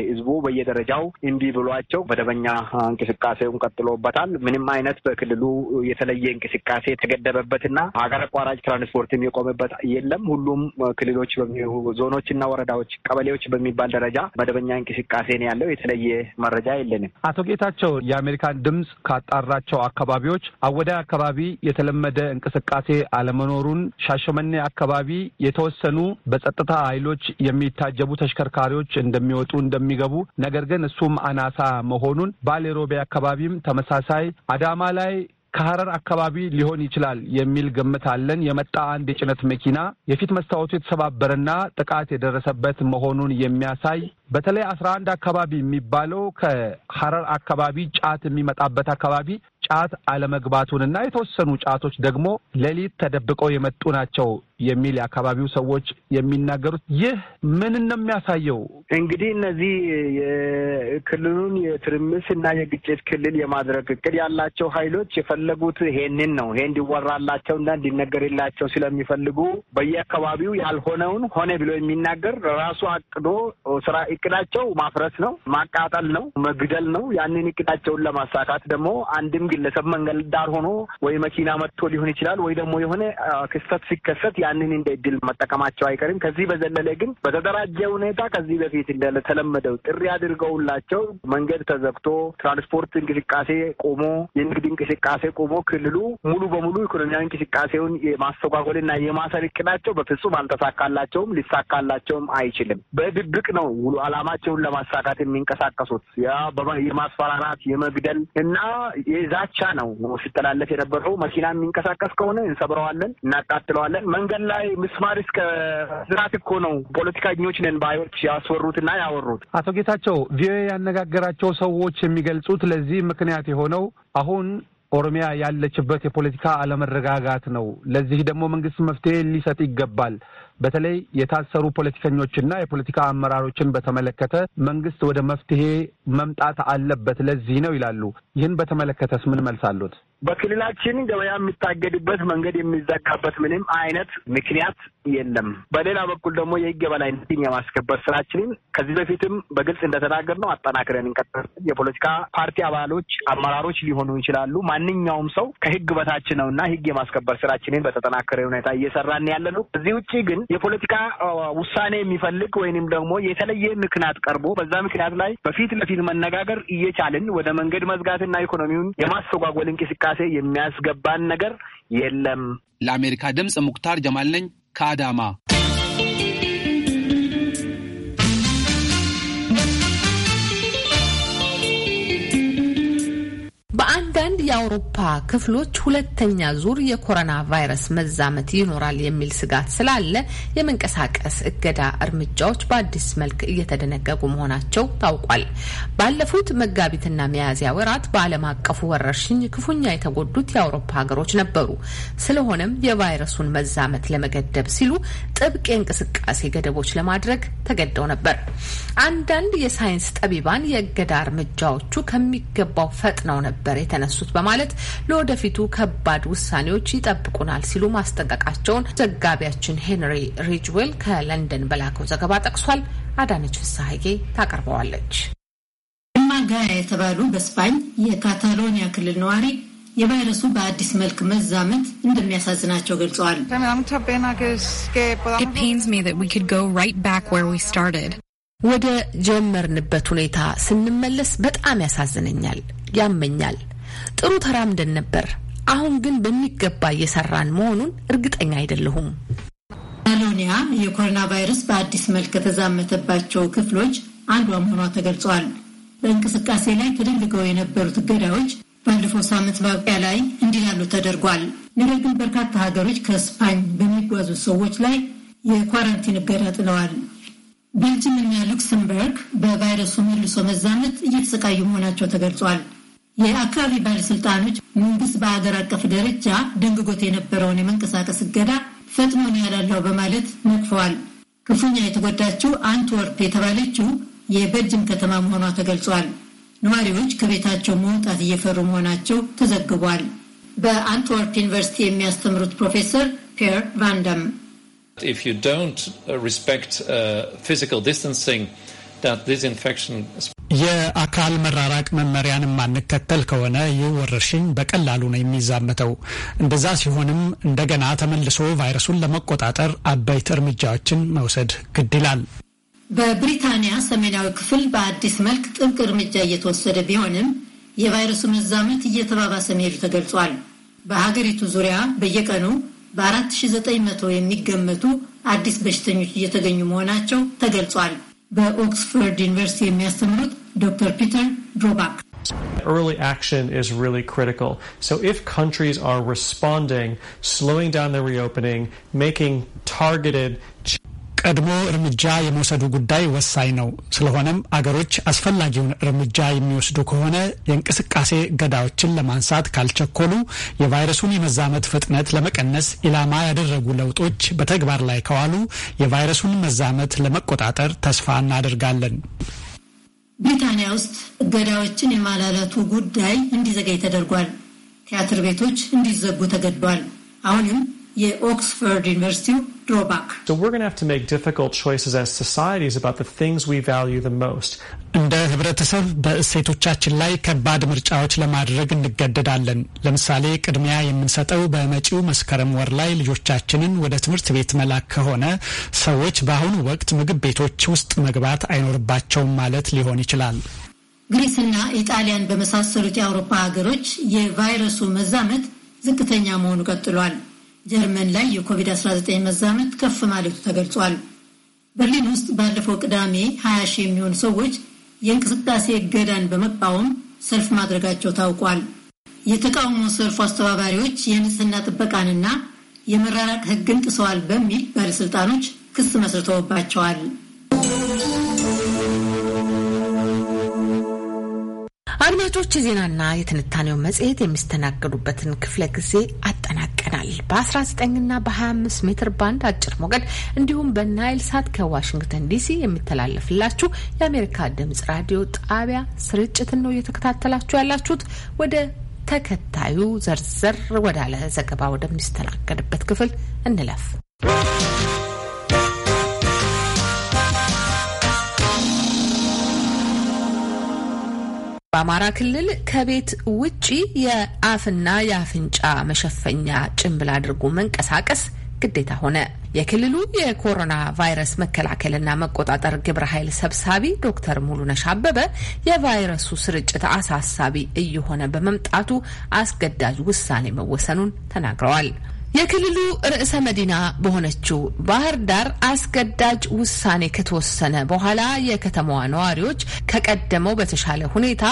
ህዝቡ በየደረጃው እንዲህ ብሏቸው መደበኛ እንቅስቃሴውን ቀጥሎበታል። ምንም አይነት በክልሉ የተለየ እንቅስቃሴ የተገደበበትና ሀገር አቋራጭ ትራንስፖርት የቆመበት የለም። ሁሉም ክልሎች፣ ዞኖች እና ወረዳዎች፣ ቀበሌዎች በሚባል ደረጃ መደበኛ እንቅስቃሴ ነው ያለው። የተለየ መረጃ የለንም። አቶ ጌታቸው የአሜሪካን ድምፅ ካጣራቸው አካባቢዎች አወዳይ አካባቢ የተለመደ እንቅስቃሴ አለመኖሩን፣ ሻሸመኔ አካባቢ የተወሰኑ በጸጥታ ኃይሎች የሚታጀቡ ተሽከርካሪዎች እንደሚወጡ እንደሚገቡ፣ ነገር ግን እሱም አናሳ መሆኑን፣ ባሌሮቤ አካባቢም ተመሳሳይ፣ አዳማ ላይ ከሀረር አካባቢ ሊሆን ይችላል የሚል ግምት አለን። የመጣ አንድ የጭነት መኪና የፊት መስታወቱ የተሰባበረና ጥቃት የደረሰበት መሆኑን የሚያሳይ በተለይ አስራ አንድ አካባቢ የሚባለው ከሀረር አካባቢ ጫት የሚመጣበት አካባቢ ጫት አለመግባቱንና የተወሰኑ ጫቶች ደግሞ ሌሊት ተደብቀው የመጡ ናቸው የሚል የአካባቢው ሰዎች የሚናገሩት ይህ ምን ነው የሚያሳየው? እንግዲህ እነዚህ የክልሉን የትርምስ እና የግጭት ክልል የማድረግ እቅድ ያላቸው ኃይሎች የፈለጉት ይሄንን ነው። ይሄ እንዲወራላቸው እና እንዲነገርላቸው ስለሚፈልጉ በየአካባቢው ያልሆነውን ሆነ ብሎ የሚናገር ራሱ አቅዶ ስራ እቅዳቸው ማፍረስ ነው፣ ማቃጠል ነው፣ መግደል ነው። ያንን እቅዳቸውን ለማሳካት ደግሞ አንድም ግለሰብ መንገድ ዳር ሆኖ ወይ መኪና መጥቶ ሊሆን ይችላል፣ ወይ ደግሞ የሆነ ክስተት ሲከሰት ያንን እንደ እድል መጠቀማቸው አይቀርም። ከዚህ በዘለለ ግን በተደራጀ ሁኔታ ከዚህ በፊት እንደተለመደው ጥሪ አድርገውላቸው መንገድ ተዘግቶ ትራንስፖርት እንቅስቃሴ ቆሞ፣ የንግድ እንቅስቃሴ ቆሞ ክልሉ ሙሉ በሙሉ ኢኮኖሚያዊ እንቅስቃሴውን የማስተጓጎልና የማሰር እቅዳቸው በፍጹም አልተሳካላቸውም፣ ሊሳካላቸውም አይችልም። በድብቅ ነው ሙሉ አላማቸውን ለማሳካት የሚንቀሳቀሱት ያ የማስፈራራት የመግደል እና የዛ ብቻ ነው ሲተላለፍ የነበረው። መኪና የሚንቀሳቀስ ከሆነ እንሰብረዋለን፣ እናቃጥለዋለን። መንገድ ላይ ምስማር እስከ ዝራት እኮ ነው ፖለቲከኞች ነን ባዮች ያስወሩትና ያወሩት። አቶ ጌታቸው ቪኦኤ ያነጋገራቸው ሰዎች የሚገልጹት ለዚህ ምክንያት የሆነው አሁን ኦሮሚያ ያለችበት የፖለቲካ አለመረጋጋት ነው። ለዚህ ደግሞ መንግስት መፍትሄ ሊሰጥ ይገባል። በተለይ የታሰሩ ፖለቲከኞችና የፖለቲካ አመራሮችን በተመለከተ መንግስት ወደ መፍትሄ መምጣት አለበት ለዚህ ነው ይላሉ። ይህን በተመለከተስ ምን መልስ አሉት? በክልላችን ገበያ የሚታገድበት መንገድ የሚዘጋበት ምንም አይነት ምክንያት የለም። በሌላ በኩል ደግሞ የህግ የበላይነትን የማስከበር ስራችንን ከዚህ በፊትም በግልጽ እንደተናገርነው አጠናክረን እንቀጥላለን። የፖለቲካ ፓርቲ አባሎች፣ አመራሮች ሊሆኑ ይችላሉ። ማንኛውም ሰው ከህግ በታች ነው እና ህግ የማስከበር ስራችንን በተጠናከረ ሁኔታ እየሰራን ያለ ነው። ከዚህ ውጭ ግን የፖለቲካ ውሳኔ የሚፈልግ ወይንም ደግሞ የተለየ ምክንያት ቀርቦ በዛ ምክንያት ላይ በፊት ለፊት መነጋገር እየቻልን ወደ መንገድ መዝጋትና ኢኮኖሚውን የማስተጓጎል እንቅስቃሴ እንቅስቃሴ የሚያስገባን ነገር የለም። ለአሜሪካ ድምፅ ሙክታር ጀማል ነኝ ከአዳማ የአውሮፓ ክፍሎች ሁለተኛ ዙር የኮሮና ቫይረስ መዛመት ይኖራል የሚል ስጋት ስላለ የመንቀሳቀስ እገዳ እርምጃዎች በአዲስ መልክ እየተደነገጉ መሆናቸው ታውቋል። ባለፉት መጋቢትና ሚያዝያ ወራት በዓለም አቀፉ ወረርሽኝ ክፉኛ የተጎዱት የአውሮፓ ሀገሮች ነበሩ። ስለሆነም የቫይረሱን መዛመት ለመገደብ ሲሉ ጥብቅ የእንቅስቃሴ ገደቦች ለማድረግ ተገደው ነበር። አንዳንድ የሳይንስ ጠቢባን የእገዳ እርምጃዎቹ ከሚገባው ፈጥነው ነበር የተነሱት በማለት ለወደፊቱ ከባድ ውሳኔዎች ይጠብቁናል ሲሉ ማስጠንቀቃቸውን ዘጋቢያችን ሄንሪ ሪጅዌል ከለንደን በላከው ዘገባ ጠቅሷል። አዳነች ፍሳሀጌ ታቀርበዋለች። ማጋ የተባሉ በስፓኝ የካታሎኒያ ክልል ነዋሪ የቫይረሱ በአዲስ መልክ መዛመት እንደሚያሳዝናቸው ገልጸዋል። ወደ ጀመርንበት ሁኔታ ስንመለስ በጣም ያሳዝነኛል፣ ያመኛል። ጥሩ ተራምደን ነበር። አሁን ግን በሚገባ እየሰራን መሆኑን እርግጠኛ አይደለሁም። ሜላኒያ የኮሮና ቫይረስ በአዲስ መልክ ከተዛመተባቸው ክፍሎች አንዷ መሆኗ ተገልጿል። በእንቅስቃሴ ላይ ተደንግገው የነበሩት እገዳዎች ባለፈው ሳምንት ማብቂያ ላይ እንዲላሉ ተደርጓል። ነገር ግን በርካታ ሀገሮች ከስፓኝ በሚጓዙ ሰዎች ላይ የኳራንቲን እገዳ ጥለዋል። ቤልጅምና ሉክሰምበርግ በቫይረሱ መልሶ መዛመት እየተሰቃዩ መሆናቸው ተገልጿል። የአካባቢ ባለስልጣኖች መንግስት በአገር አቀፍ ደረጃ ደንግጎት የነበረውን የመንቀሳቀስ እገዳ ፈጥሞን ያላለው በማለት ነቅፈዋል። ክፉኛ የተጎዳችው አንትወርፕ የተባለችው የበልጅም ከተማ መሆኗ ተገልጿል። ነዋሪዎች ከቤታቸው መውጣት እየፈሩ መሆናቸው ተዘግቧል። በአንትወርፕ ዩኒቨርሲቲ የሚያስተምሩት ፕሮፌሰር ፔር ቫንደም uh, የአካል መራራቅ መመሪያን የማንከተል ከሆነ ይህ ወረርሽኝ በቀላሉ ነው የሚዛመተው። እንደዛ ሲሆንም እንደገና ተመልሶ ቫይረሱን ለመቆጣጠር አበይት እርምጃዎችን መውሰድ ግድ ይላል። በብሪታንያ ሰሜናዊ ክፍል በአዲስ መልክ ጥብቅ እርምጃ እየተወሰደ ቢሆንም የቫይረሱ መዛመት እየተባባሰ መሄዱ ተገልጿል። በሀገሪቱ ዙሪያ በየቀኑ በ4900 የሚገመቱ አዲስ በሽተኞች እየተገኙ መሆናቸው ተገልጿል። The Oxford University Mastermind, Dr. Peter ድሮባክ Early action is really critical. So, if countries are responding, slowing down the reopening, making targeted ቀድሞ እርምጃ የመውሰዱ ጉዳይ ወሳኝ ነው። ስለሆነም አገሮች አስፈላጊውን እርምጃ የሚወስዱ ከሆነ የእንቅስቃሴ ገዳዎችን ለማንሳት ካልቸኮሉ የቫይረሱን የመዛመት ፍጥነት ለመቀነስ ኢላማ ያደረጉ ለውጦች በተግባር ላይ ከዋሉ የቫይረሱን መዛመት ለመቆጣጠር ተስፋ እናደርጋለን። ብሪታንያ ውስጥ እገዳዎችን የማላላቱ ጉዳይ እንዲዘገይ ተደርጓል። ቲያትር ቤቶች እንዲዘጉ ተገድዷል። አሁንም የኦክስፎርድ ዩኒቨርሲቲው ድሮባክ እንደ ህብረተሰብ በእሴቶቻችን ላይ ከባድ ምርጫዎች ለማድረግ እንገደዳለን። ለምሳሌ ቅድሚያ የምንሰጠው በመጪው መስከረም ወር ላይ ልጆቻችንን ወደ ትምህርት ቤት መላክ ከሆነ ሰዎች በአሁኑ ወቅት ምግብ ቤቶች ውስጥ መግባት አይኖርባቸውም ማለት ሊሆን ይችላል። ግሪስና ኢጣሊያን በመሳሰሉት የአውሮፓ ሀገሮች የቫይረሱ መዛመት ዝቅተኛ መሆኑ ቀጥሏል። ጀርመን ላይ የኮቪድ-19 መዛመት ከፍ ማለቱ ተገልጿል። በርሊን ውስጥ ባለፈው ቅዳሜ 20 ሺህ የሚሆኑ ሰዎች የእንቅስቃሴ እገዳን በመቃወም ሰልፍ ማድረጋቸው ታውቋል። የተቃውሞ ሰልፉ አስተባባሪዎች የንጽህና ጥበቃንና የመራራቅ ሕግን ጥሰዋል በሚል ባለሥልጣኖች ክስ መስርተውባቸዋል። አድማጮች የዜናና የትንታኔው መጽሔት የሚስተናገዱበትን ክፍለ ጊዜ አጠናቀናል። በ19ና በ25 ሜትር ባንድ አጭር ሞገድ እንዲሁም በናይል ሳት ከዋሽንግተን ዲሲ የሚተላለፍላችሁ የአሜሪካ ድምጽ ራዲዮ ጣቢያ ስርጭትን ነው እየተከታተላችሁ ያላችሁት። ወደ ተከታዩ ዘርዘር ወዳለ ዘገባ ወደሚስተናገድበት ክፍል እንለፍ። በአማራ ክልል ከቤት ውጪ የአፍና የአፍንጫ መሸፈኛ ጭንብል አድርጎ መንቀሳቀስ ግዴታ ሆነ። የክልሉ የኮሮና ቫይረስ መከላከልና መቆጣጠር ግብረ ኃይል ሰብሳቢ ዶክተር ሙሉነሽ አበበ የቫይረሱ ስርጭት አሳሳቢ እየሆነ በመምጣቱ አስገዳጅ ውሳኔ መወሰኑን ተናግረዋል። የክልሉ ርዕሰ መዲና በሆነችው ባህር ዳር አስገዳጅ ውሳኔ ከተወሰነ በኋላ የከተማዋ ነዋሪዎች ከቀደመው በተሻለ ሁኔታ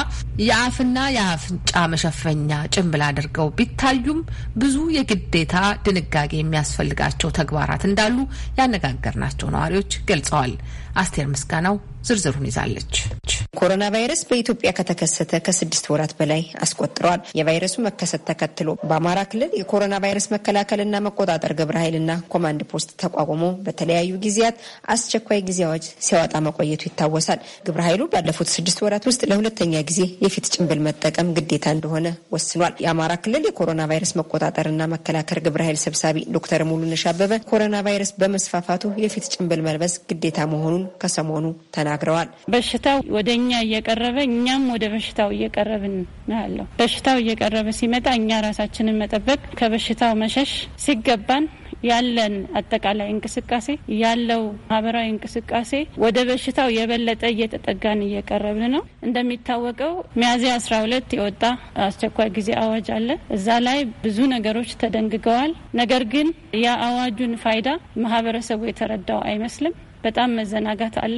የአፍና የአፍንጫ መሸፈኛ ጭንብል አድርገው ቢታዩም ብዙ የግዴታ ድንጋጌ የሚያስፈልጋቸው ተግባራት እንዳሉ ያነጋገርናቸው ነዋሪዎች ገልጸዋል። አስቴር ምስጋናው ዝርዝሩን ይዛለች። ኮሮና ቫይረስ በኢትዮጵያ ከተከሰተ ከስድስት ወራት በላይ አስቆጥረዋል። የቫይረሱ መከሰት ተከትሎ በአማራ ክልል የኮሮና ቫይረስ መከላከልና መቆጣጠር ግብረ ኃይልና ኮማንድ ፖስት ተቋቁሞ በተለያዩ ጊዜያት አስቸኳይ ጊዜያዎች ሲያወጣ መቆየቱ ይታወሳል። ግብረ ኃይሉ ባለፉት ስድስት ወራት ውስጥ ለሁለተኛ ጊዜ የፊት ጭንብል መጠቀም ግዴታ እንደሆነ ወስኗል። የአማራ ክልል የኮሮና ቫይረስ መቆጣጠርና መከላከል ግብረ ኃይል ሰብሳቢ ዶክተር ሙሉነሽ አበበ ኮሮና ቫይረስ በመስፋፋቱ የፊት ጭንብል መልበስ ግዴታ መሆኑን ከሰሞኑ ተናል ተናግረዋል። በሽታው ወደ እኛ እየቀረበ እኛም ወደ በሽታው እየቀረብን ያለው በሽታው እየቀረበ ሲመጣ እኛ ራሳችንን መጠበቅ ከበሽታው መሸሽ ሲገባን ያለን አጠቃላይ እንቅስቃሴ ያለው ማህበራዊ እንቅስቃሴ ወደ በሽታው የበለጠ እየተጠጋን እየቀረብን ነው። እንደሚታወቀው ሚያዝያ አስራ ሁለት የወጣ አስቸኳይ ጊዜ አዋጅ አለ። እዛ ላይ ብዙ ነገሮች ተደንግገዋል። ነገር ግን የአዋጁን ፋይዳ ማህበረሰቡ የተረዳው አይመስልም። በጣም መዘናጋት አለ።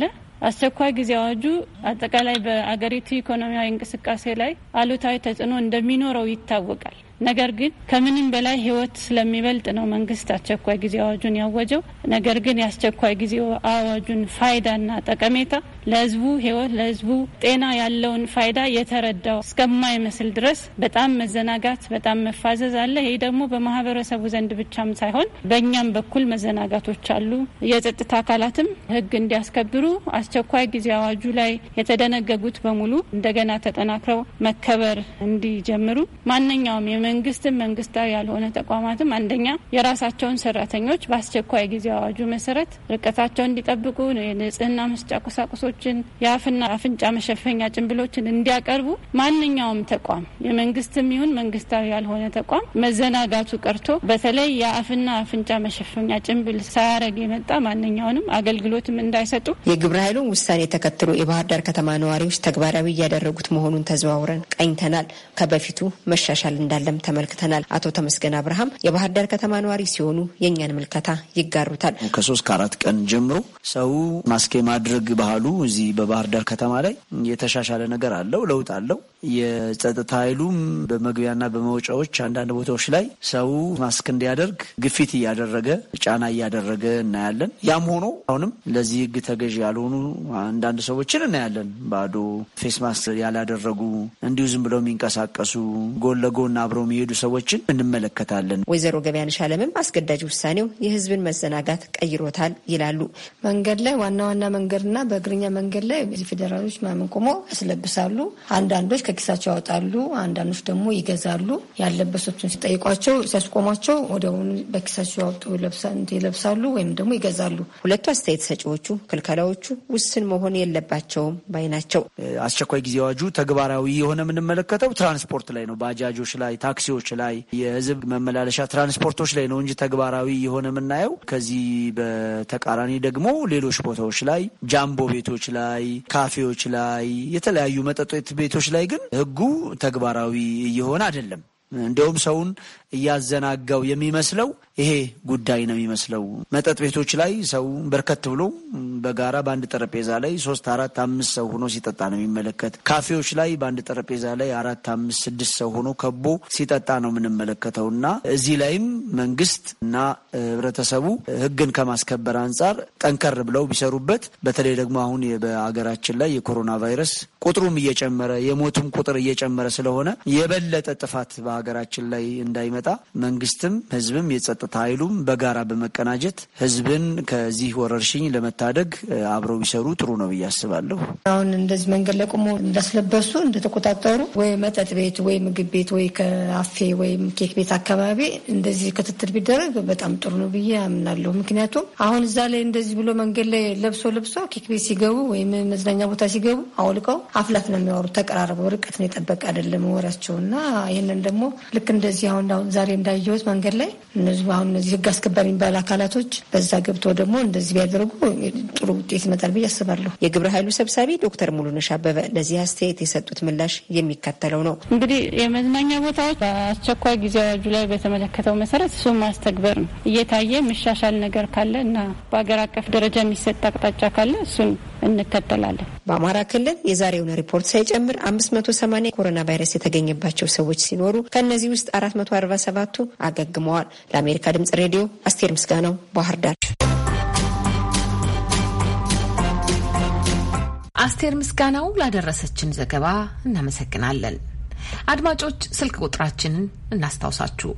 አስቸኳይ ጊዜ አዋጁ አጠቃላይ በአገሪቱ ኢኮኖሚያዊ እንቅስቃሴ ላይ አሉታዊ ተጽዕኖ እንደሚኖረው ይታወቃል። ነገር ግን ከምንም በላይ ህይወት ስለሚበልጥ ነው መንግስት አስቸኳይ ጊዜ አዋጁን ያወጀው። ነገር ግን የአስቸኳይ ጊዜ አዋጁን ፋይዳና ጠቀሜታ ለህዝቡ ህይወት ለህዝቡ ጤና ያለውን ፋይዳ የተረዳው እስከማይመስል ድረስ በጣም መዘናጋት፣ በጣም መፋዘዝ አለ። ይህ ደግሞ በማህበረሰቡ ዘንድ ብቻም ሳይሆን በእኛም በኩል መዘናጋቶች አሉ። የጸጥታ አካላትም ህግ እንዲያስከብሩ አስቸኳይ ጊዜ አዋጁ ላይ የተደነገጉት በሙሉ እንደገና ተጠናክረው መከበር እንዲጀምሩ ማንኛውም መንግስትም መንግስታዊ ያልሆነ ተቋማትም አንደኛ የራሳቸውን ሰራተኞች በአስቸኳይ ጊዜ አዋጁ መሰረት ርቀታቸውን እንዲጠብቁ የንጽህና መስጫ ቁሳቁሶችን፣ የአፍና አፍንጫ መሸፈኛ ጭንብሎችን እንዲያቀርቡ ማንኛውም ተቋም የመንግስትም ይሁን መንግስታዊ ያልሆነ ተቋም መዘናጋቱ ቀርቶ በተለይ የአፍና አፍንጫ መሸፈኛ ጭንብል ሳያረግ የመጣ ማንኛውንም አገልግሎትም እንዳይሰጡ የግብረ ኃይሉን ውሳኔ ተከትሎ የባህር ዳር ከተማ ነዋሪዎች ተግባራዊ እያደረጉት መሆኑን ተዘዋውረን ቀኝተናል። ከበፊቱ መሻሻል እንዳለም ተመልክተናል። አቶ ተመስገን አብርሃም የባህር ዳር ከተማ ነዋሪ ሲሆኑ የእኛን ምልከታ ይጋሩታል። ከሶስት ከአራት ቀን ጀምሮ ሰው ማስክ የማድረግ ባህሉ እዚህ በባህር ዳር ከተማ ላይ የተሻሻለ ነገር አለው፣ ለውጥ አለው። የጸጥታ ኃይሉም በመግቢያና በመውጫዎች አንዳንድ ቦታዎች ላይ ሰው ማስክ እንዲያደርግ ግፊት እያደረገ ጫና እያደረገ እናያለን። ያም ሆኖ አሁንም ለዚህ ህግ ተገዥ ያልሆኑ አንዳንድ ሰዎችን እናያለን። ባዶ ፌስ ማስክ ያላደረጉ እንዲሁ ዝም ብለው የሚንቀሳቀሱ ጎን ለጎን አብረው የሚሄዱ ሰዎችን እንመለከታለን። ወይዘሮ ገበያነሽ አለምም አስገዳጅ ውሳኔው የህዝብን መዘናጋት ቀይሮታል ይላሉ። መንገድ ላይ ዋና ዋና መንገድና በእግረኛ መንገድ ላይ ፌዴራሎች ምናምን ቆሞ ያስለብሳሉ አንዳንዶች ከኪሳቸው ያወጣሉ። አንዳንዶች ደግሞ ይገዛሉ። ያለበሱትን ሲጠይቋቸው ሲያስቆሟቸው ወደሆኑ በኪሳቸው ያወጡ ይለብሳሉ ወይም ደግሞ ይገዛሉ። ሁለቱ አስተያየት ሰጪዎቹ ክልከላዎቹ ውስን መሆን የለባቸውም ባይ ናቸው። አስቸኳይ ጊዜ አዋጁ ተግባራዊ የሆነ የምንመለከተው ትራንስፖርት ላይ ነው። ባጃጆች ላይ፣ ታክሲዎች ላይ፣ የህዝብ መመላለሻ ትራንስፖርቶች ላይ ነው እንጂ ተግባራዊ የሆነ የምናየው ከዚህ በተቃራኒ ደግሞ ሌሎች ቦታዎች ላይ ጃምቦ ቤቶች ላይ፣ ካፌዎች ላይ፣ የተለያዩ መጠጦት ቤቶች ላይ ግን ህጉ ተግባራዊ እየሆነ አይደለም። እንደውም ሰውን እያዘናጋው የሚመስለው ይሄ ጉዳይ ነው የሚመስለው። መጠጥ ቤቶች ላይ ሰው በርከት ብሎ በጋራ በአንድ ጠረጴዛ ላይ ሶስት፣ አራት፣ አምስት ሰው ሆኖ ሲጠጣ ነው የሚመለከት። ካፌዎች ላይ በአንድ ጠረጴዛ ላይ አራት፣ አምስት፣ ስድስት ሰው ሆኖ ከቦ ሲጠጣ ነው የምንመለከተው እና እዚህ ላይም መንግስት እና ህብረተሰቡ ህግን ከማስከበር አንጻር ጠንከር ብለው ቢሰሩበት በተለይ ደግሞ አሁን በሀገራችን ላይ የኮሮና ቫይረስ ቁጥሩም እየጨመረ የሞቱም ቁጥር እየጨመረ ስለሆነ የበለጠ ጥፋት በሀገራችን ላይ እንዳይመ ሲመጣ መንግስትም ህዝብም የጸጥታ ኃይሉም በጋራ በመቀናጀት ህዝብን ከዚህ ወረርሽኝ ለመታደግ አብረው ቢሰሩ ጥሩ ነው ብዬ አስባለሁ። አሁን እንደዚህ መንገድ ላይ ቆሞ እንዳስለበሱ እንደተቆጣጠሩ ወይ መጠጥ ቤት ወይ ምግብ ቤት ወይ ከአፌ ወይም ኬክ ቤት አካባቢ እንደዚህ ክትትል ቢደረግ በጣም ጥሩ ነው ብዬ አምናለሁ። ምክንያቱም አሁን እዛ ላይ እንደዚህ ብሎ መንገድ ላይ ለብሶ ለብሶ ኬክ ቤት ሲገቡ ወይም መዝናኛ ቦታ ሲገቡ አውልቀው አፍላት ነው የሚያወሩ ተቀራርበው ርቀት ነው የጠበቀ አይደለም ወሬያቸው እና ይህንን ደግሞ ልክ እንደዚህ አሁን አሁን ዛሬ እንዳየሁት መንገድ ላይ እነዚ አሁን እነዚህ ህግ አስከባሪ የሚባል አካላቶች በዛ ገብቶ ደግሞ እንደዚህ ቢያደርጉ ጥሩ ውጤት ይመጣል ብዬ አስባለሁ። የግብረ ኃይሉ ሰብሳቢ ዶክተር ሙሉነሽ አበበ ለዚህ አስተያየት የሰጡት ምላሽ የሚከተለው ነው። እንግዲህ የመዝናኛ ቦታዎች በአስቸኳይ ጊዜ አዋጁ ላይ በተመለከተው መሰረት እሱ ማስተግበር ነው። እየታየ መሻሻል ነገር ካለ እና በሀገር አቀፍ ደረጃ የሚሰጥ አቅጣጫ ካለ እሱን እንከተላለን። በአማራ ክልል የዛሬውን ሪፖርት ሳይጨምር 580 ኮሮና ቫይረስ የተገኘባቸው ሰዎች ሲኖሩ ከእነዚህ ውስጥ 447ቱ አገግመዋል። ለአሜሪካ ድምጽ ሬዲዮ አስቴር ምስጋናው ባህር ዳር። አስቴር ምስጋናው ላደረሰችን ዘገባ እናመሰግናለን። አድማጮች ስልክ ቁጥራችንን እናስታውሳችሁ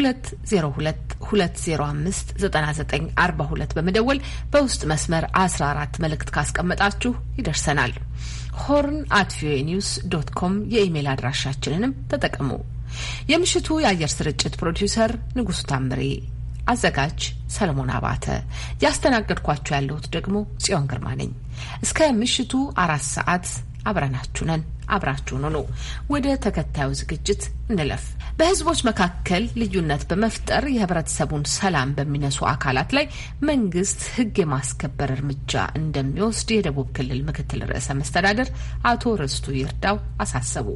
2022059942 በመደወል በውስጥ መስመር 14 መልእክት ካስቀመጣችሁ ይደርሰናል። ሆርን አት ቪኦኤ ኒውስ ዶት ኮም የኢሜይል አድራሻችንንም ተጠቀሙ። የምሽቱ የአየር ስርጭት ፕሮዲውሰር ንጉሱ ታምሬ፣ አዘጋጅ ሰለሞን አባተ፣ ያስተናገድኳችሁ ያለሁት ደግሞ ጽዮን ግርማ ነኝ። እስከ ምሽቱ አራት ሰዓት አብረናችሁ ነን። አብራችሁን ሁኑ። ወደ ተከታዩ ዝግጅት እንለፍ። በህዝቦች መካከል ልዩነት በመፍጠር የህብረተሰቡን ሰላም በሚነሱ አካላት ላይ መንግስት ህግ የማስከበር እርምጃ እንደሚወስድ የደቡብ ክልል ምክትል ርዕሰ መስተዳደር አቶ ርስቱ ይርዳው አሳሰቡ።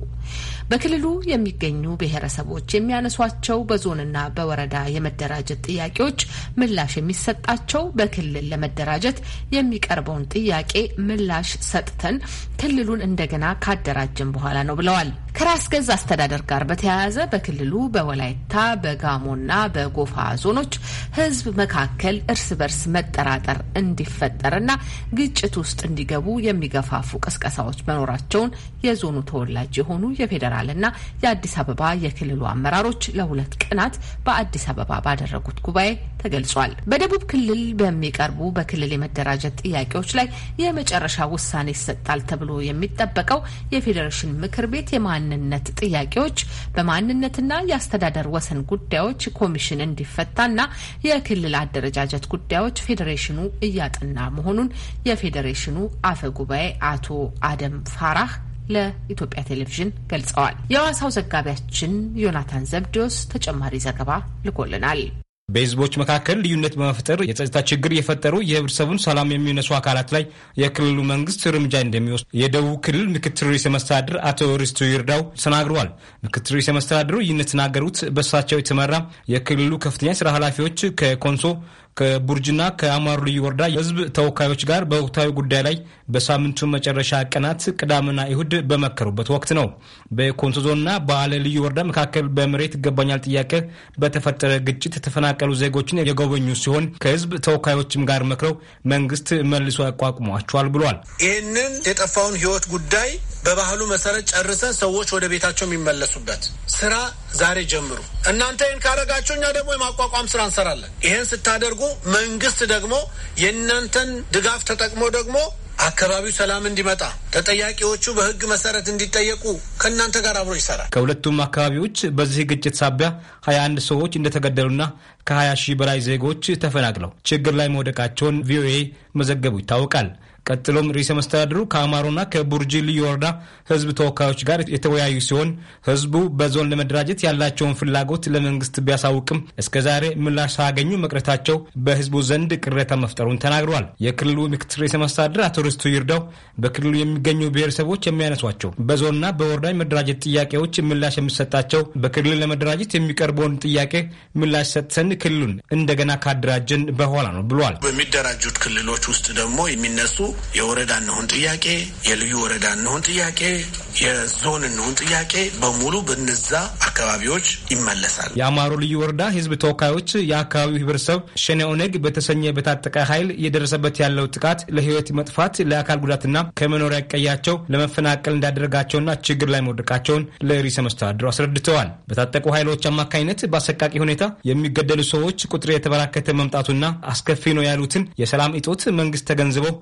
በክልሉ የሚገኙ ብሔረሰቦች የሚያነሷቸው በዞንና በወረዳ የመደራጀት ጥያቄዎች ምላሽ የሚሰጣቸው በክልል ለመደራጀት የሚቀርበውን ጥያቄ ምላሽ ሰጥተን ክልሉን እንደገና ካደራጀን በኋላ ነው ብለዋል። ከራስ ገዝ አስተዳደር ጋር በተያያዘ በክልሉ በወላይታ በጋሞና በጎፋ ዞኖች ህዝብ መካከል እርስ በርስ መጠራጠር እንዲፈጠርና ግጭት ውስጥ እንዲገቡ የሚገፋፉ ቅስቀሳዎች መኖራቸውን የዞኑ ተወላጅ የሆኑ የፌደራል ይሆናል እና የአዲስ አበባ የክልሉ አመራሮች ለሁለት ቀናት በአዲስ አበባ ባደረጉት ጉባኤ ተገልጿል። በደቡብ ክልል በሚቀርቡ በክልል የመደራጀት ጥያቄዎች ላይ የመጨረሻ ውሳኔ ይሰጣል ተብሎ የሚጠበቀው የፌዴሬሽን ምክር ቤት የማንነት ጥያቄዎች በማንነትና የአስተዳደር ወሰን ጉዳዮች ኮሚሽን እንዲፈታና የክልል አደረጃጀት ጉዳዮች ፌዴሬሽኑ እያጠና መሆኑን የፌዴሬሽኑ አፈ ጉባኤ አቶ አደም ፋራህ ለኢትዮጵያ ቴሌቪዥን ገልጸዋል። የሐዋሳው ዘጋቢያችን ዮናታን ዘብዲዎስ ተጨማሪ ዘገባ ልኮልናል። በህዝቦች መካከል ልዩነት በመፍጠር የጸጥታ ችግር የፈጠሩ የህብረተሰቡን ሰላም የሚነሱ አካላት ላይ የክልሉ መንግስት እርምጃ እንደሚወስድ የደቡብ ክልል ምክትል ርዕሰ መስተዳድር አቶ ሪስቱ ይርዳው ተናግረዋል። ምክትል ርዕሰ መስተዳድሩ ይህን የተናገሩት በእሳቸው የተመራ የክልሉ ከፍተኛ ስራ ኃላፊዎች ከኮንሶ ከቡርጅና ከአማሩ ልዩ ወረዳ የህዝብ ተወካዮች ጋር በወቅታዊ ጉዳይ ላይ በሳምንቱ መጨረሻ ቀናት ቅዳምና ይሁድ በመከሩበት ወቅት ነው። በኮንሶ ዞንና በአለ ልዩ ወረዳ መካከል በመሬት ይገባኛል ጥያቄ በተፈጠረ ግጭት የተፈናቀሉ ዜጎችን የጎበኙ ሲሆን ከህዝብ ተወካዮችም ጋር መክረው መንግስት መልሶ ያቋቁሟቸዋል ብሏል። ይህንን የጠፋውን ህይወት ጉዳይ በባህሉ መሰረት ጨርሰን ሰዎች ወደ ቤታቸው የሚመለሱበት ስራ ዛሬ ጀምሩ። እናንተ ይህን ካረጋቸው እኛ ደግሞ የማቋቋም ስራ እንሰራለን። ይህን ስታደርጉ መንግስት ደግሞ የእናንተን ድጋፍ ተጠቅሞ ደግሞ አካባቢው ሰላም እንዲመጣ ተጠያቂዎቹ በህግ መሰረት እንዲጠየቁ ከእናንተ ጋር አብሮ ይሰራል። ከሁለቱም አካባቢዎች በዚህ ግጭት ሳቢያ 21 ሰዎች እንደተገደሉና ከ20 ሺህ በላይ ዜጎች ተፈናቅለው ችግር ላይ መውደቃቸውን ቪኦኤ መዘገቡ ይታወቃል። ቀጥሎም ርዕሰ መስተዳድሩ ከአማሮና ከቡርጂ ልዩ ወረዳ ህዝብ ተወካዮች ጋር የተወያዩ ሲሆን ህዝቡ በዞን ለመደራጀት ያላቸውን ፍላጎት ለመንግስት ቢያሳውቅም እስከዛሬ ምላሽ ሳያገኙ መቅረታቸው በህዝቡ ዘንድ ቅሬታ መፍጠሩን ተናግረዋል። የክልሉ ምክትል ርዕሰ መስተዳድር አቶ ርስቱ ይርዳው በክልሉ የሚገኙ ብሔረሰቦች የሚያነሷቸው በዞንና በወረዳ የመደራጀት ጥያቄዎች ምላሽ የሚሰጣቸው በክልል ለመደራጀት የሚቀርበውን ጥያቄ ምላሽ ሰጥተን ክልሉን እንደገና ካደራጀን በኋላ ነው ብሏል። በሚደራጁት ክልሎች ውስጥ ደግሞ የሚነሱ የወረዳ እንሆን ጥያቄ፣ የልዩ ወረዳ እንሆን ጥያቄ፣ የዞን እንሆን ጥያቄ በሙሉ በነዛ አካባቢዎች ይመለሳል። የአማሮ ልዩ ወረዳ ህዝብ ተወካዮች የአካባቢው ህብረተሰብ ሸኔ ኦነግ በተሰኘ በታጠቀ ኃይል እየደረሰበት ያለው ጥቃት ለህይወት መጥፋት፣ ለአካል ጉዳትና ከመኖሪያ ቀያቸው ለመፈናቀል እንዳደረጋቸውና ችግር ላይ መውደቃቸውን ለርዕሰ መስተዳድሩ አስረድተዋል። በታጠቁ ኃይሎች አማካኝነት በአሰቃቂ ሁኔታ የሚገደሉ ሰዎች ቁጥር የተበራከተ መምጣቱና አስከፊ ነው ያሉትን የሰላም እጦት መንግስት ተገንዝበው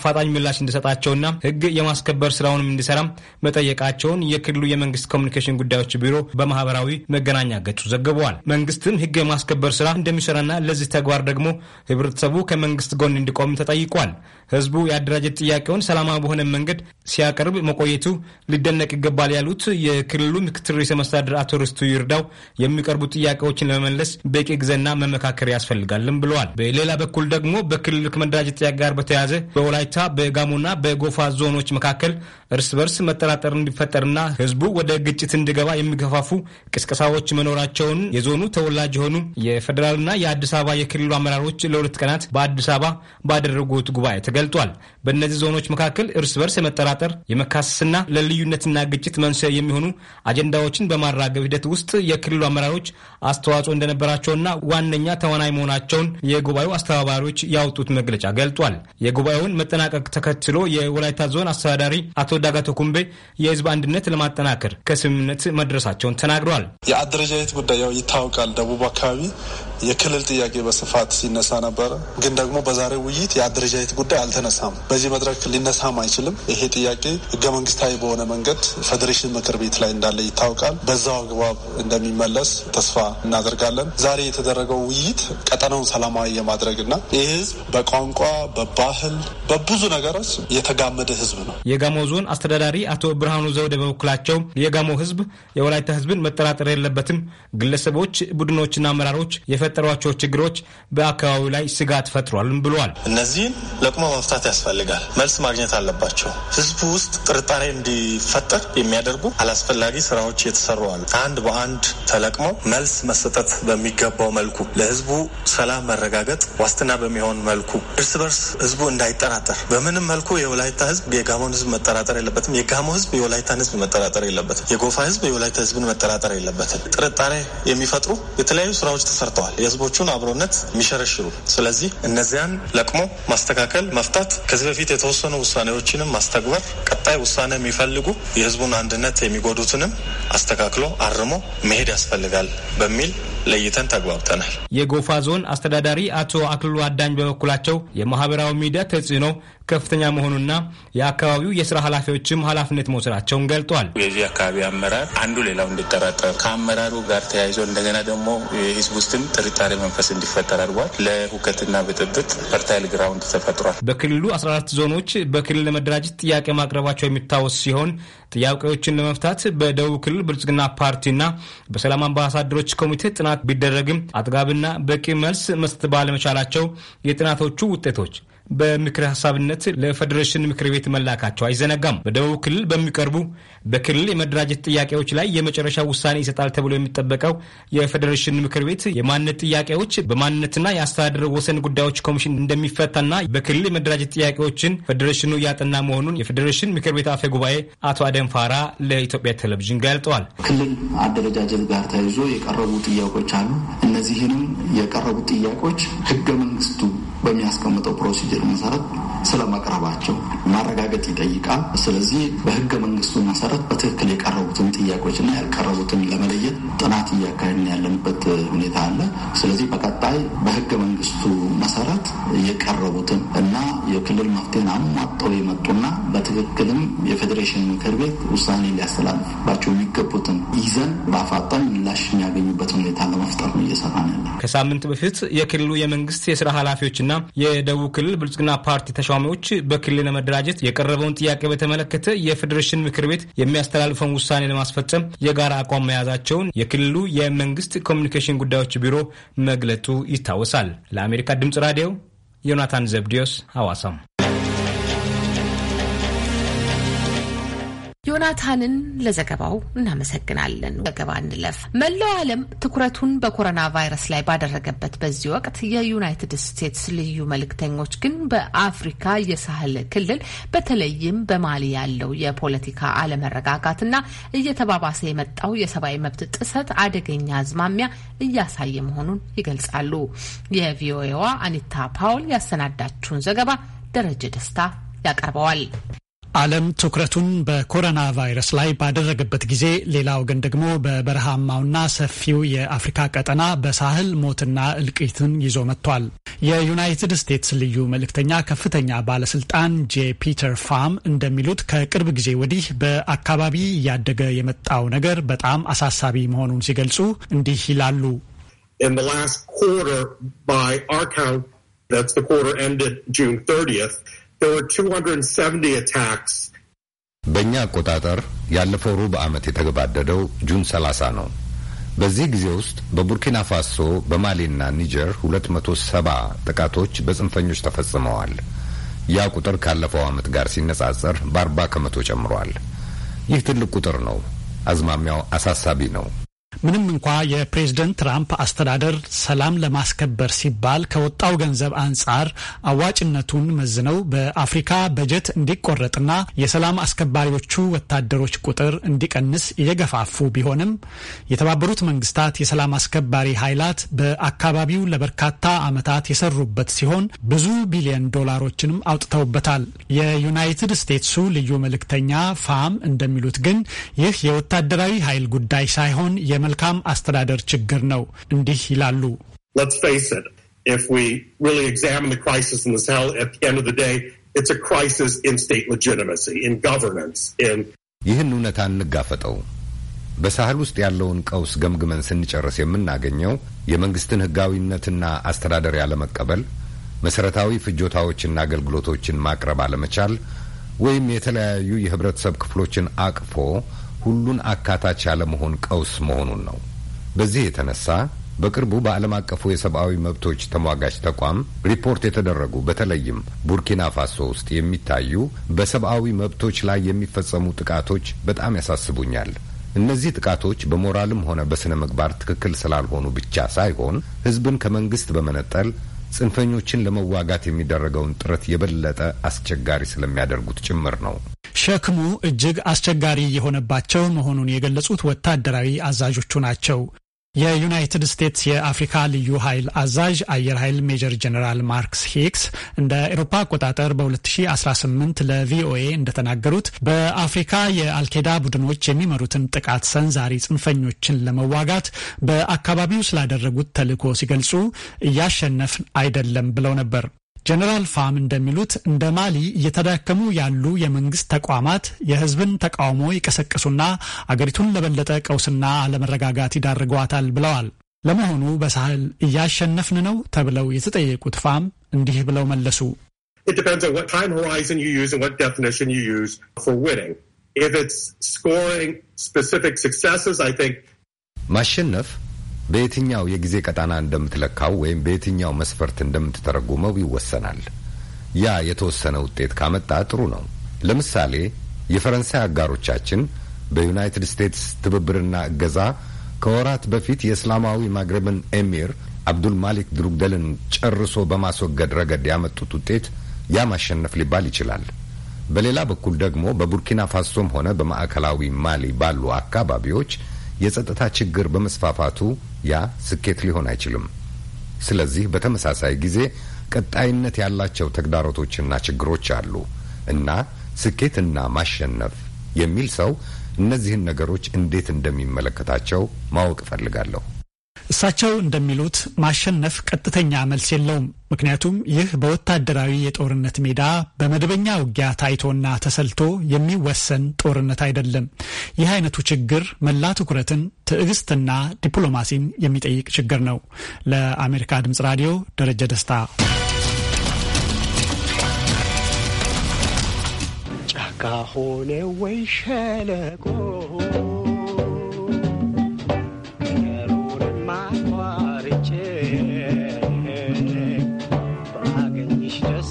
አፋጣኝ ምላሽ እንዲሰጣቸውና ህግ የማስከበር ስራውንም እንዲሰራም መጠየቃቸውን የክልሉ የመንግስት ኮሚኒኬሽን ጉዳዮች ቢሮ በማህበራዊ መገናኛ ገጹ ዘግበዋል። መንግስትም ህግ የማስከበር ስራ እንደሚሰራና ለዚህ ተግባር ደግሞ ህብረተሰቡ ከመንግስት ጎን እንዲቆም ተጠይቋል። ህዝቡ የአደራጀት ጥያቄውን ሰላማዊ በሆነ መንገድ ሲያቀርብ መቆየቱ ሊደነቅ ይገባል ያሉት የክልሉ ምክትል ርዕሰ መስተዳድር አቶ ርስቱ ይርዳው የሚቀርቡ ጥያቄዎችን ለመመለስ በቂ ጊዜና መመካከር ያስፈልጋልም ብለዋል። በሌላ በኩል ደግሞ በክልሉ ከመደራጀት ጥያቄ ጋር በተያያዘ በወላይ በወላይታ በጋሞና በጎፋ ዞኖች መካከል እርስ በርስ መጠራጠር እንዲፈጠርና ህዝቡ ወደ ግጭት እንዲገባ የሚገፋፉ ቅስቀሳዎች መኖራቸውን የዞኑ ተወላጅ የሆኑ የፌዴራልና የአዲስ አበባ የክልሉ አመራሮች ለሁለት ቀናት በአዲስ አበባ ባደረጉት ጉባኤ ተገልጧል። በእነዚህ ዞኖች መካከል እርስ በርስ የመጠራጠር የመካሰስና ለልዩነትና ግጭት መንስኤ የሚሆኑ አጀንዳዎችን በማራገብ ሂደት ውስጥ የክልሉ አመራሮች አስተዋጽኦ እንደነበራቸውና ዋነኛ ተዋናይ መሆናቸውን የጉባኤው አስተባባሪዎች ያወጡት መግለጫ ገልጧል። የጉባኤውን መጠ መጠናቀቅ ተከትሎ የወላይታ ዞን አስተዳዳሪ አቶ ዳጋቶ ኩምቤ የህዝብ አንድነት ለማጠናከር ከስምምነት መድረሳቸውን ተናግረዋል። የአደረጃጀት ጉዳይ ያው ይታወቃል። ደቡብ አካባቢ የክልል ጥያቄ በስፋት ሲነሳ ነበረ። ግን ደግሞ በዛሬው ውይይት የአደረጃጀት ጉዳይ አልተነሳም። በዚህ መድረክ ሊነሳም አይችልም። ይሄ ጥያቄ ህገ መንግስታዊ በሆነ መንገድ ፌዴሬሽን ምክር ቤት ላይ እንዳለ ይታወቃል። በዛው አግባብ እንደሚመለስ ተስፋ እናደርጋለን። ዛሬ የተደረገው ውይይት ቀጠናውን ሰላማዊ የማድረግና ይህ ህዝብ በቋንቋ፣ በባህል፣ ብዙ ነገሮች የተጋመደ ህዝብ ነው። የጋሞ ዞን አስተዳዳሪ አቶ ብርሃኑ ዘውደ በበኩላቸው የጋሞ ህዝብ የወላይታ ህዝብን መጠራጠር የለበትም፣ ግለሰቦች፣ ቡድኖችና አመራሮች የፈጠሯቸው ችግሮች በአካባቢው ላይ ስጋት ፈጥሯልም ብለዋል። እነዚህን ለቅሞ መፍታት ያስፈልጋል። መልስ ማግኘት አለባቸው። ህዝቡ ውስጥ ጥርጣሬ እንዲፈጠር የሚያደርጉ አላስፈላጊ ስራዎች የተሰሩ አሉ። አንድ በአንድ ተለቅመው መልስ መሰጠት በሚገባው መልኩ ለህዝቡ ሰላም መረጋገጥ ዋስትና በሚሆን መልኩ እርስ በርስ ህዝቡ እንዳይጠራጠር መጠራጠር በምንም መልኩ የወላይታ ህዝብ የጋሞን ህዝብ መጠራጠር የለበትም። የጋሞ ህዝብ የወላይታን ህዝብ መጠራጠር የለበትም። የጎፋ ህዝብ የወላይታ ህዝብን መጠራጠር የለበትም። ጥርጣሬ የሚፈጥሩ የተለያዩ ስራዎች ተሰርተዋል፣ የህዝቦቹን አብሮነት የሚሸረሽሩ። ስለዚህ እነዚያን ለቅሞ ማስተካከል፣ መፍታት፣ ከዚህ በፊት የተወሰኑ ውሳኔዎችንም ማስተግበር፣ ቀጣይ ውሳኔ የሚፈልጉ የህዝቡን አንድነት የሚጎዱትንም አስተካክሎ አርሞ መሄድ ያስፈልጋል በሚል ለይተን ተግባብተናል። የጎፋ ዞን አስተዳዳሪ አቶ አክልሉ አዳኝ በበኩላቸው የማህበራዊ ሚዲያ ተጽዕኖ ከፍተኛ መሆኑና የአካባቢው የስራ ኃላፊዎችም ኃላፊነት መውሰዳቸውን ገልጧል። የዚህ አካባቢ አመራር አንዱ ሌላው እንዲጠራጠር ከአመራሩ ጋር ተያይዞ እንደገና ደግሞ የህዝብ ውስጥም ጥርጣሬ መንፈስ እንዲፈጠር አድርጓል። ለሁከትና ብጥብጥ ፈርታይል ግራውንድ ተፈጥሯል። በክልሉ 14 ዞኖች በክልል ለመደራጀት ጥያቄ ማቅረባቸው የሚታወስ ሲሆን ጥያቄዎችን ለመፍታት በደቡብ ክልል ብልጽግና ፓርቲና በሰላም አምባሳደሮች ኮሚቴ ጥናት ቢደረግም አጥጋብና በቂ መልስ መስጠት ባለመቻላቸው የጥናቶቹ ውጤቶች በምክር ሀሳብነት ለፌዴሬሽን ምክር ቤት መላካቸው አይዘነጋም። በደቡብ ክልል በሚቀርቡ በክልል የመደራጀት ጥያቄዎች ላይ የመጨረሻ ውሳኔ ይሰጣል ተብሎ የሚጠበቀው የፌዴሬሽን ምክር ቤት የማንነት ጥያቄዎች በማንነትና የአስተዳደር ወሰን ጉዳዮች ኮሚሽን እንደሚፈታና በክልል የመደራጀት ጥያቄዎችን ፌዴሬሽኑ እያጠና መሆኑን የፌዴሬሽን ምክር ቤት አፈ ጉባኤ አቶ አደም ፋራ ለኢትዮጵያ ቴሌቪዥን ገልጠዋል። ክልል አደረጃጀት ጋር ተያይዞ የቀረቡ ጥያቄዎች አሉ። እነዚህንም የቀረቡ ጥያቄዎች ህገ መንግስቱ በሚያስቀምጠው ፕሮሲጀር መሰረት ስለማቅረባቸው ማረጋገጥ ይጠይቃል። ስለዚህ በህገ መንግስቱ መሰረት በትክክል የቀረቡትን ጥያቄዎችና ያልቀረቡትን ለመለየት ጥናት እያካሄድን ያለንበት ሁኔታ አለ። ስለዚህ በቀጣይ በህገ መንግስቱ መሰረት የቀረቡትን እና የክልል መፍትሄን አሟጠው የመጡና በትክክልም የፌዴሬሽን ምክር ቤት ውሳኔ ሊያስተላልፍባቸው የሚገቡትን ይዘን በአፋጣኝ ምላሽ የሚያገኙበት ሁኔታ ለመፍጠር ነው እየሰራ ነው ያለ። ከሳምንት በፊት የክልሉ የመንግስት የስራ ኃላፊዎችና የደቡብ ክልል የብልጽግና ፓርቲ ተሿሚዎች በክልል ለመደራጀት የቀረበውን ጥያቄ በተመለከተ የፌዴሬሽን ምክር ቤት የሚያስተላልፈውን ውሳኔ ለማስፈጸም የጋራ አቋም መያዛቸውን የክልሉ የመንግስት ኮሚኒኬሽን ጉዳዮች ቢሮ መግለጡ ይታወሳል። ለአሜሪካ ድምጽ ራዲዮ ዮናታን ዘብዲዮስ ሐዋሳም ዮናታንን ለዘገባው እናመሰግናለን። ዘገባ እንለፍ። መላው ዓለም ትኩረቱን በኮሮና ቫይረስ ላይ ባደረገበት በዚህ ወቅት የዩናይትድ ስቴትስ ልዩ መልእክተኞች ግን በአፍሪካ የሳህል ክልል በተለይም በማሊ ያለው የፖለቲካ አለመረጋጋትና እየተባባሰ የመጣው የሰብአዊ መብት ጥሰት አደገኛ አዝማሚያ እያሳየ መሆኑን ይገልጻሉ። የቪኦኤዋ አኒታ ፓውል ያሰናዳችውን ዘገባ ደረጀ ደስታ ያቀርበዋል። ዓለም ትኩረቱን በኮሮና ቫይረስ ላይ ባደረገበት ጊዜ ሌላ ወገን ደግሞ በበረሃማውና ሰፊው የአፍሪካ ቀጠና በሳህል ሞትና እልቂትን ይዞ መጥቷል። የዩናይትድ ስቴትስ ልዩ መልእክተኛ ከፍተኛ ባለስልጣን ጄ ፒተር ፋም እንደሚሉት ከቅርብ ጊዜ ወዲህ በአካባቢ እያደገ የመጣው ነገር በጣም አሳሳቢ መሆኑን ሲገልጹ እንዲህ ይላሉ። In 30 There were 270 attacks. በእኛ አቆጣጠር ያለፈው ሩብ ዓመት የተገባደደው ጁን 30 ነው። በዚህ ጊዜ ውስጥ በቡርኪና ፋሶ፣ በማሊና ኒጀር 270 ጥቃቶች በጽንፈኞች ተፈጽመዋል። ያ ቁጥር ካለፈው ዓመት ጋር ሲነጻጸር በ40 ከመቶ ጨምሯል። ይህ ትልቅ ቁጥር ነው። አዝማሚያው አሳሳቢ ነው። ምንም እንኳ የፕሬዝደንት ትራምፕ አስተዳደር ሰላም ለማስከበር ሲባል ከወጣው ገንዘብ አንጻር አዋጭነቱን መዝነው በአፍሪካ በጀት እንዲቆረጥና የሰላም አስከባሪዎቹ ወታደሮች ቁጥር እንዲቀንስ እየገፋፉ ቢሆንም የተባበሩት መንግስታት የሰላም አስከባሪ ኃይላት በአካባቢው ለበርካታ ዓመታት የሰሩበት ሲሆን ብዙ ቢሊዮን ዶላሮችንም አውጥተውበታል። የዩናይትድ ስቴትሱ ልዩ መልእክተኛ ፋም እንደሚሉት ግን ይህ የወታደራዊ ኃይል ጉዳይ ሳይሆን የመልካም አስተዳደር ችግር ነው። እንዲህ ይላሉ። ይህን እውነታ እንጋፈጠው። በሳህል ውስጥ ያለውን ቀውስ ገምግመን ስንጨርስ የምናገኘው የመንግስትን ህጋዊነትና አስተዳደር ያለመቀበል፣ መሰረታዊ ፍጆታዎችና አገልግሎቶችን ማቅረብ አለመቻል ወይም የተለያዩ የህብረተሰብ ክፍሎችን አቅፎ ሁሉን አካታች ያለመሆን ቀውስ መሆኑን ነው። በዚህ የተነሳ በቅርቡ በዓለም አቀፉ የሰብአዊ መብቶች ተሟጋች ተቋም ሪፖርት የተደረጉ በተለይም ቡርኪና ፋሶ ውስጥ የሚታዩ በሰብአዊ መብቶች ላይ የሚፈጸሙ ጥቃቶች በጣም ያሳስቡኛል። እነዚህ ጥቃቶች በሞራልም ሆነ በሥነ ምግባር ትክክል ስላልሆኑ ብቻ ሳይሆን ሕዝብን ከመንግስት በመነጠል ጽንፈኞችን ለመዋጋት የሚደረገውን ጥረት የበለጠ አስቸጋሪ ስለሚያደርጉት ጭምር ነው። ሸክሙ እጅግ አስቸጋሪ የሆነባቸው መሆኑን የገለጹት ወታደራዊ አዛዦቹ ናቸው። የዩናይትድ ስቴትስ የአፍሪካ ልዩ ኃይል አዛዥ አየር ኃይል ሜጀር ጀነራል ማርክስ ሂክስ እንደ ኤሮፓ አቆጣጠር በ2018 ለቪኦኤ እንደተናገሩት በአፍሪካ የአልኬዳ ቡድኖች የሚመሩትን ጥቃት ሰንዛሪ ጽንፈኞችን ለመዋጋት በአካባቢው ስላደረጉት ተልዕኮ ሲገልጹ እያሸነፍን አይደለም ብለው ነበር። ጀነራል ፋም እንደሚሉት እንደ ማሊ እየተዳከሙ ያሉ የመንግስት ተቋማት የህዝብን ተቃውሞ ይቀሰቅሱና አገሪቱን ለበለጠ ቀውስና አለመረጋጋት ይዳርገዋታል ብለዋል። ለመሆኑ በሳህል እያሸነፍን ነው ተብለው የተጠየቁት ፋም እንዲህ ብለው መለሱ። ማሸነፍ በየትኛው የጊዜ ቀጣና እንደምትለካው ወይም በየትኛው መስፈርት እንደምትተረጉመው ይወሰናል። ያ የተወሰነ ውጤት ካመጣ ጥሩ ነው። ለምሳሌ የፈረንሳይ አጋሮቻችን በዩናይትድ ስቴትስ ትብብርና እገዛ ከወራት በፊት የእስላማዊ ማግረብን ኤሚር አብዱል ማሊክ ድሩግደልን ጨርሶ በማስወገድ ረገድ ያመጡት ውጤት ያ ማሸነፍ ሊባል ይችላል። በሌላ በኩል ደግሞ በቡርኪና ፋሶም ሆነ በማዕከላዊ ማሊ ባሉ አካባቢዎች የጸጥታ ችግር በመስፋፋቱ ያ ስኬት ሊሆን አይችልም። ስለዚህ በተመሳሳይ ጊዜ ቀጣይነት ያላቸው ተግዳሮቶችና ችግሮች አሉ እና ስኬትና ማሸነፍ የሚል ሰው እነዚህን ነገሮች እንዴት እንደሚመለከታቸው ማወቅ እፈልጋለሁ። እሳቸው እንደሚሉት ማሸነፍ ቀጥተኛ መልስ የለውም። ምክንያቱም ይህ በወታደራዊ የጦርነት ሜዳ በመደበኛ ውጊያ ታይቶና ተሰልቶ የሚወሰን ጦርነት አይደለም። ይህ አይነቱ ችግር መላ ትኩረትን፣ ትዕግስትና ዲፕሎማሲን የሚጠይቅ ችግር ነው። ለአሜሪካ ድምጽ ራዲዮ ደረጀ ደስታ። ጫካ ሆነ ወይ ሸለቆ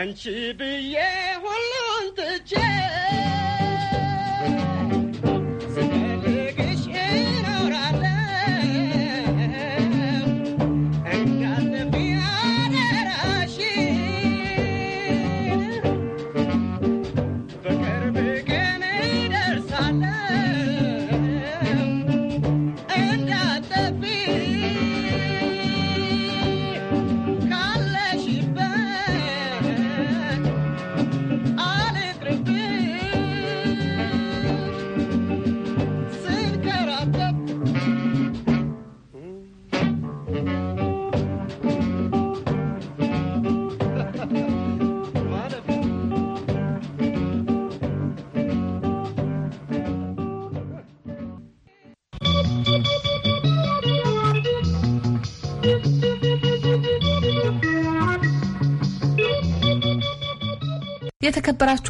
and she began.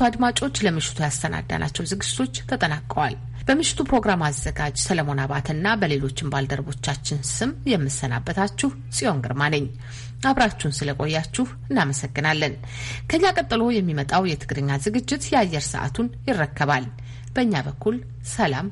የተከበራችሁ አድማጮች ለምሽቱ ያሰናዳናቸው ዝግጅቶች ተጠናቀዋል። በምሽቱ ፕሮግራም አዘጋጅ ሰለሞን አባትና በሌሎችም ባልደረቦቻችን ስም የምሰናበታችሁ ጽዮን ግርማ ነኝ። አብራችሁን ስለቆያችሁ እናመሰግናለን። ከኛ ቀጥሎ የሚመጣው የትግርኛ ዝግጅት የአየር ሰዓቱን ይረከባል። በእኛ በኩል ሰላም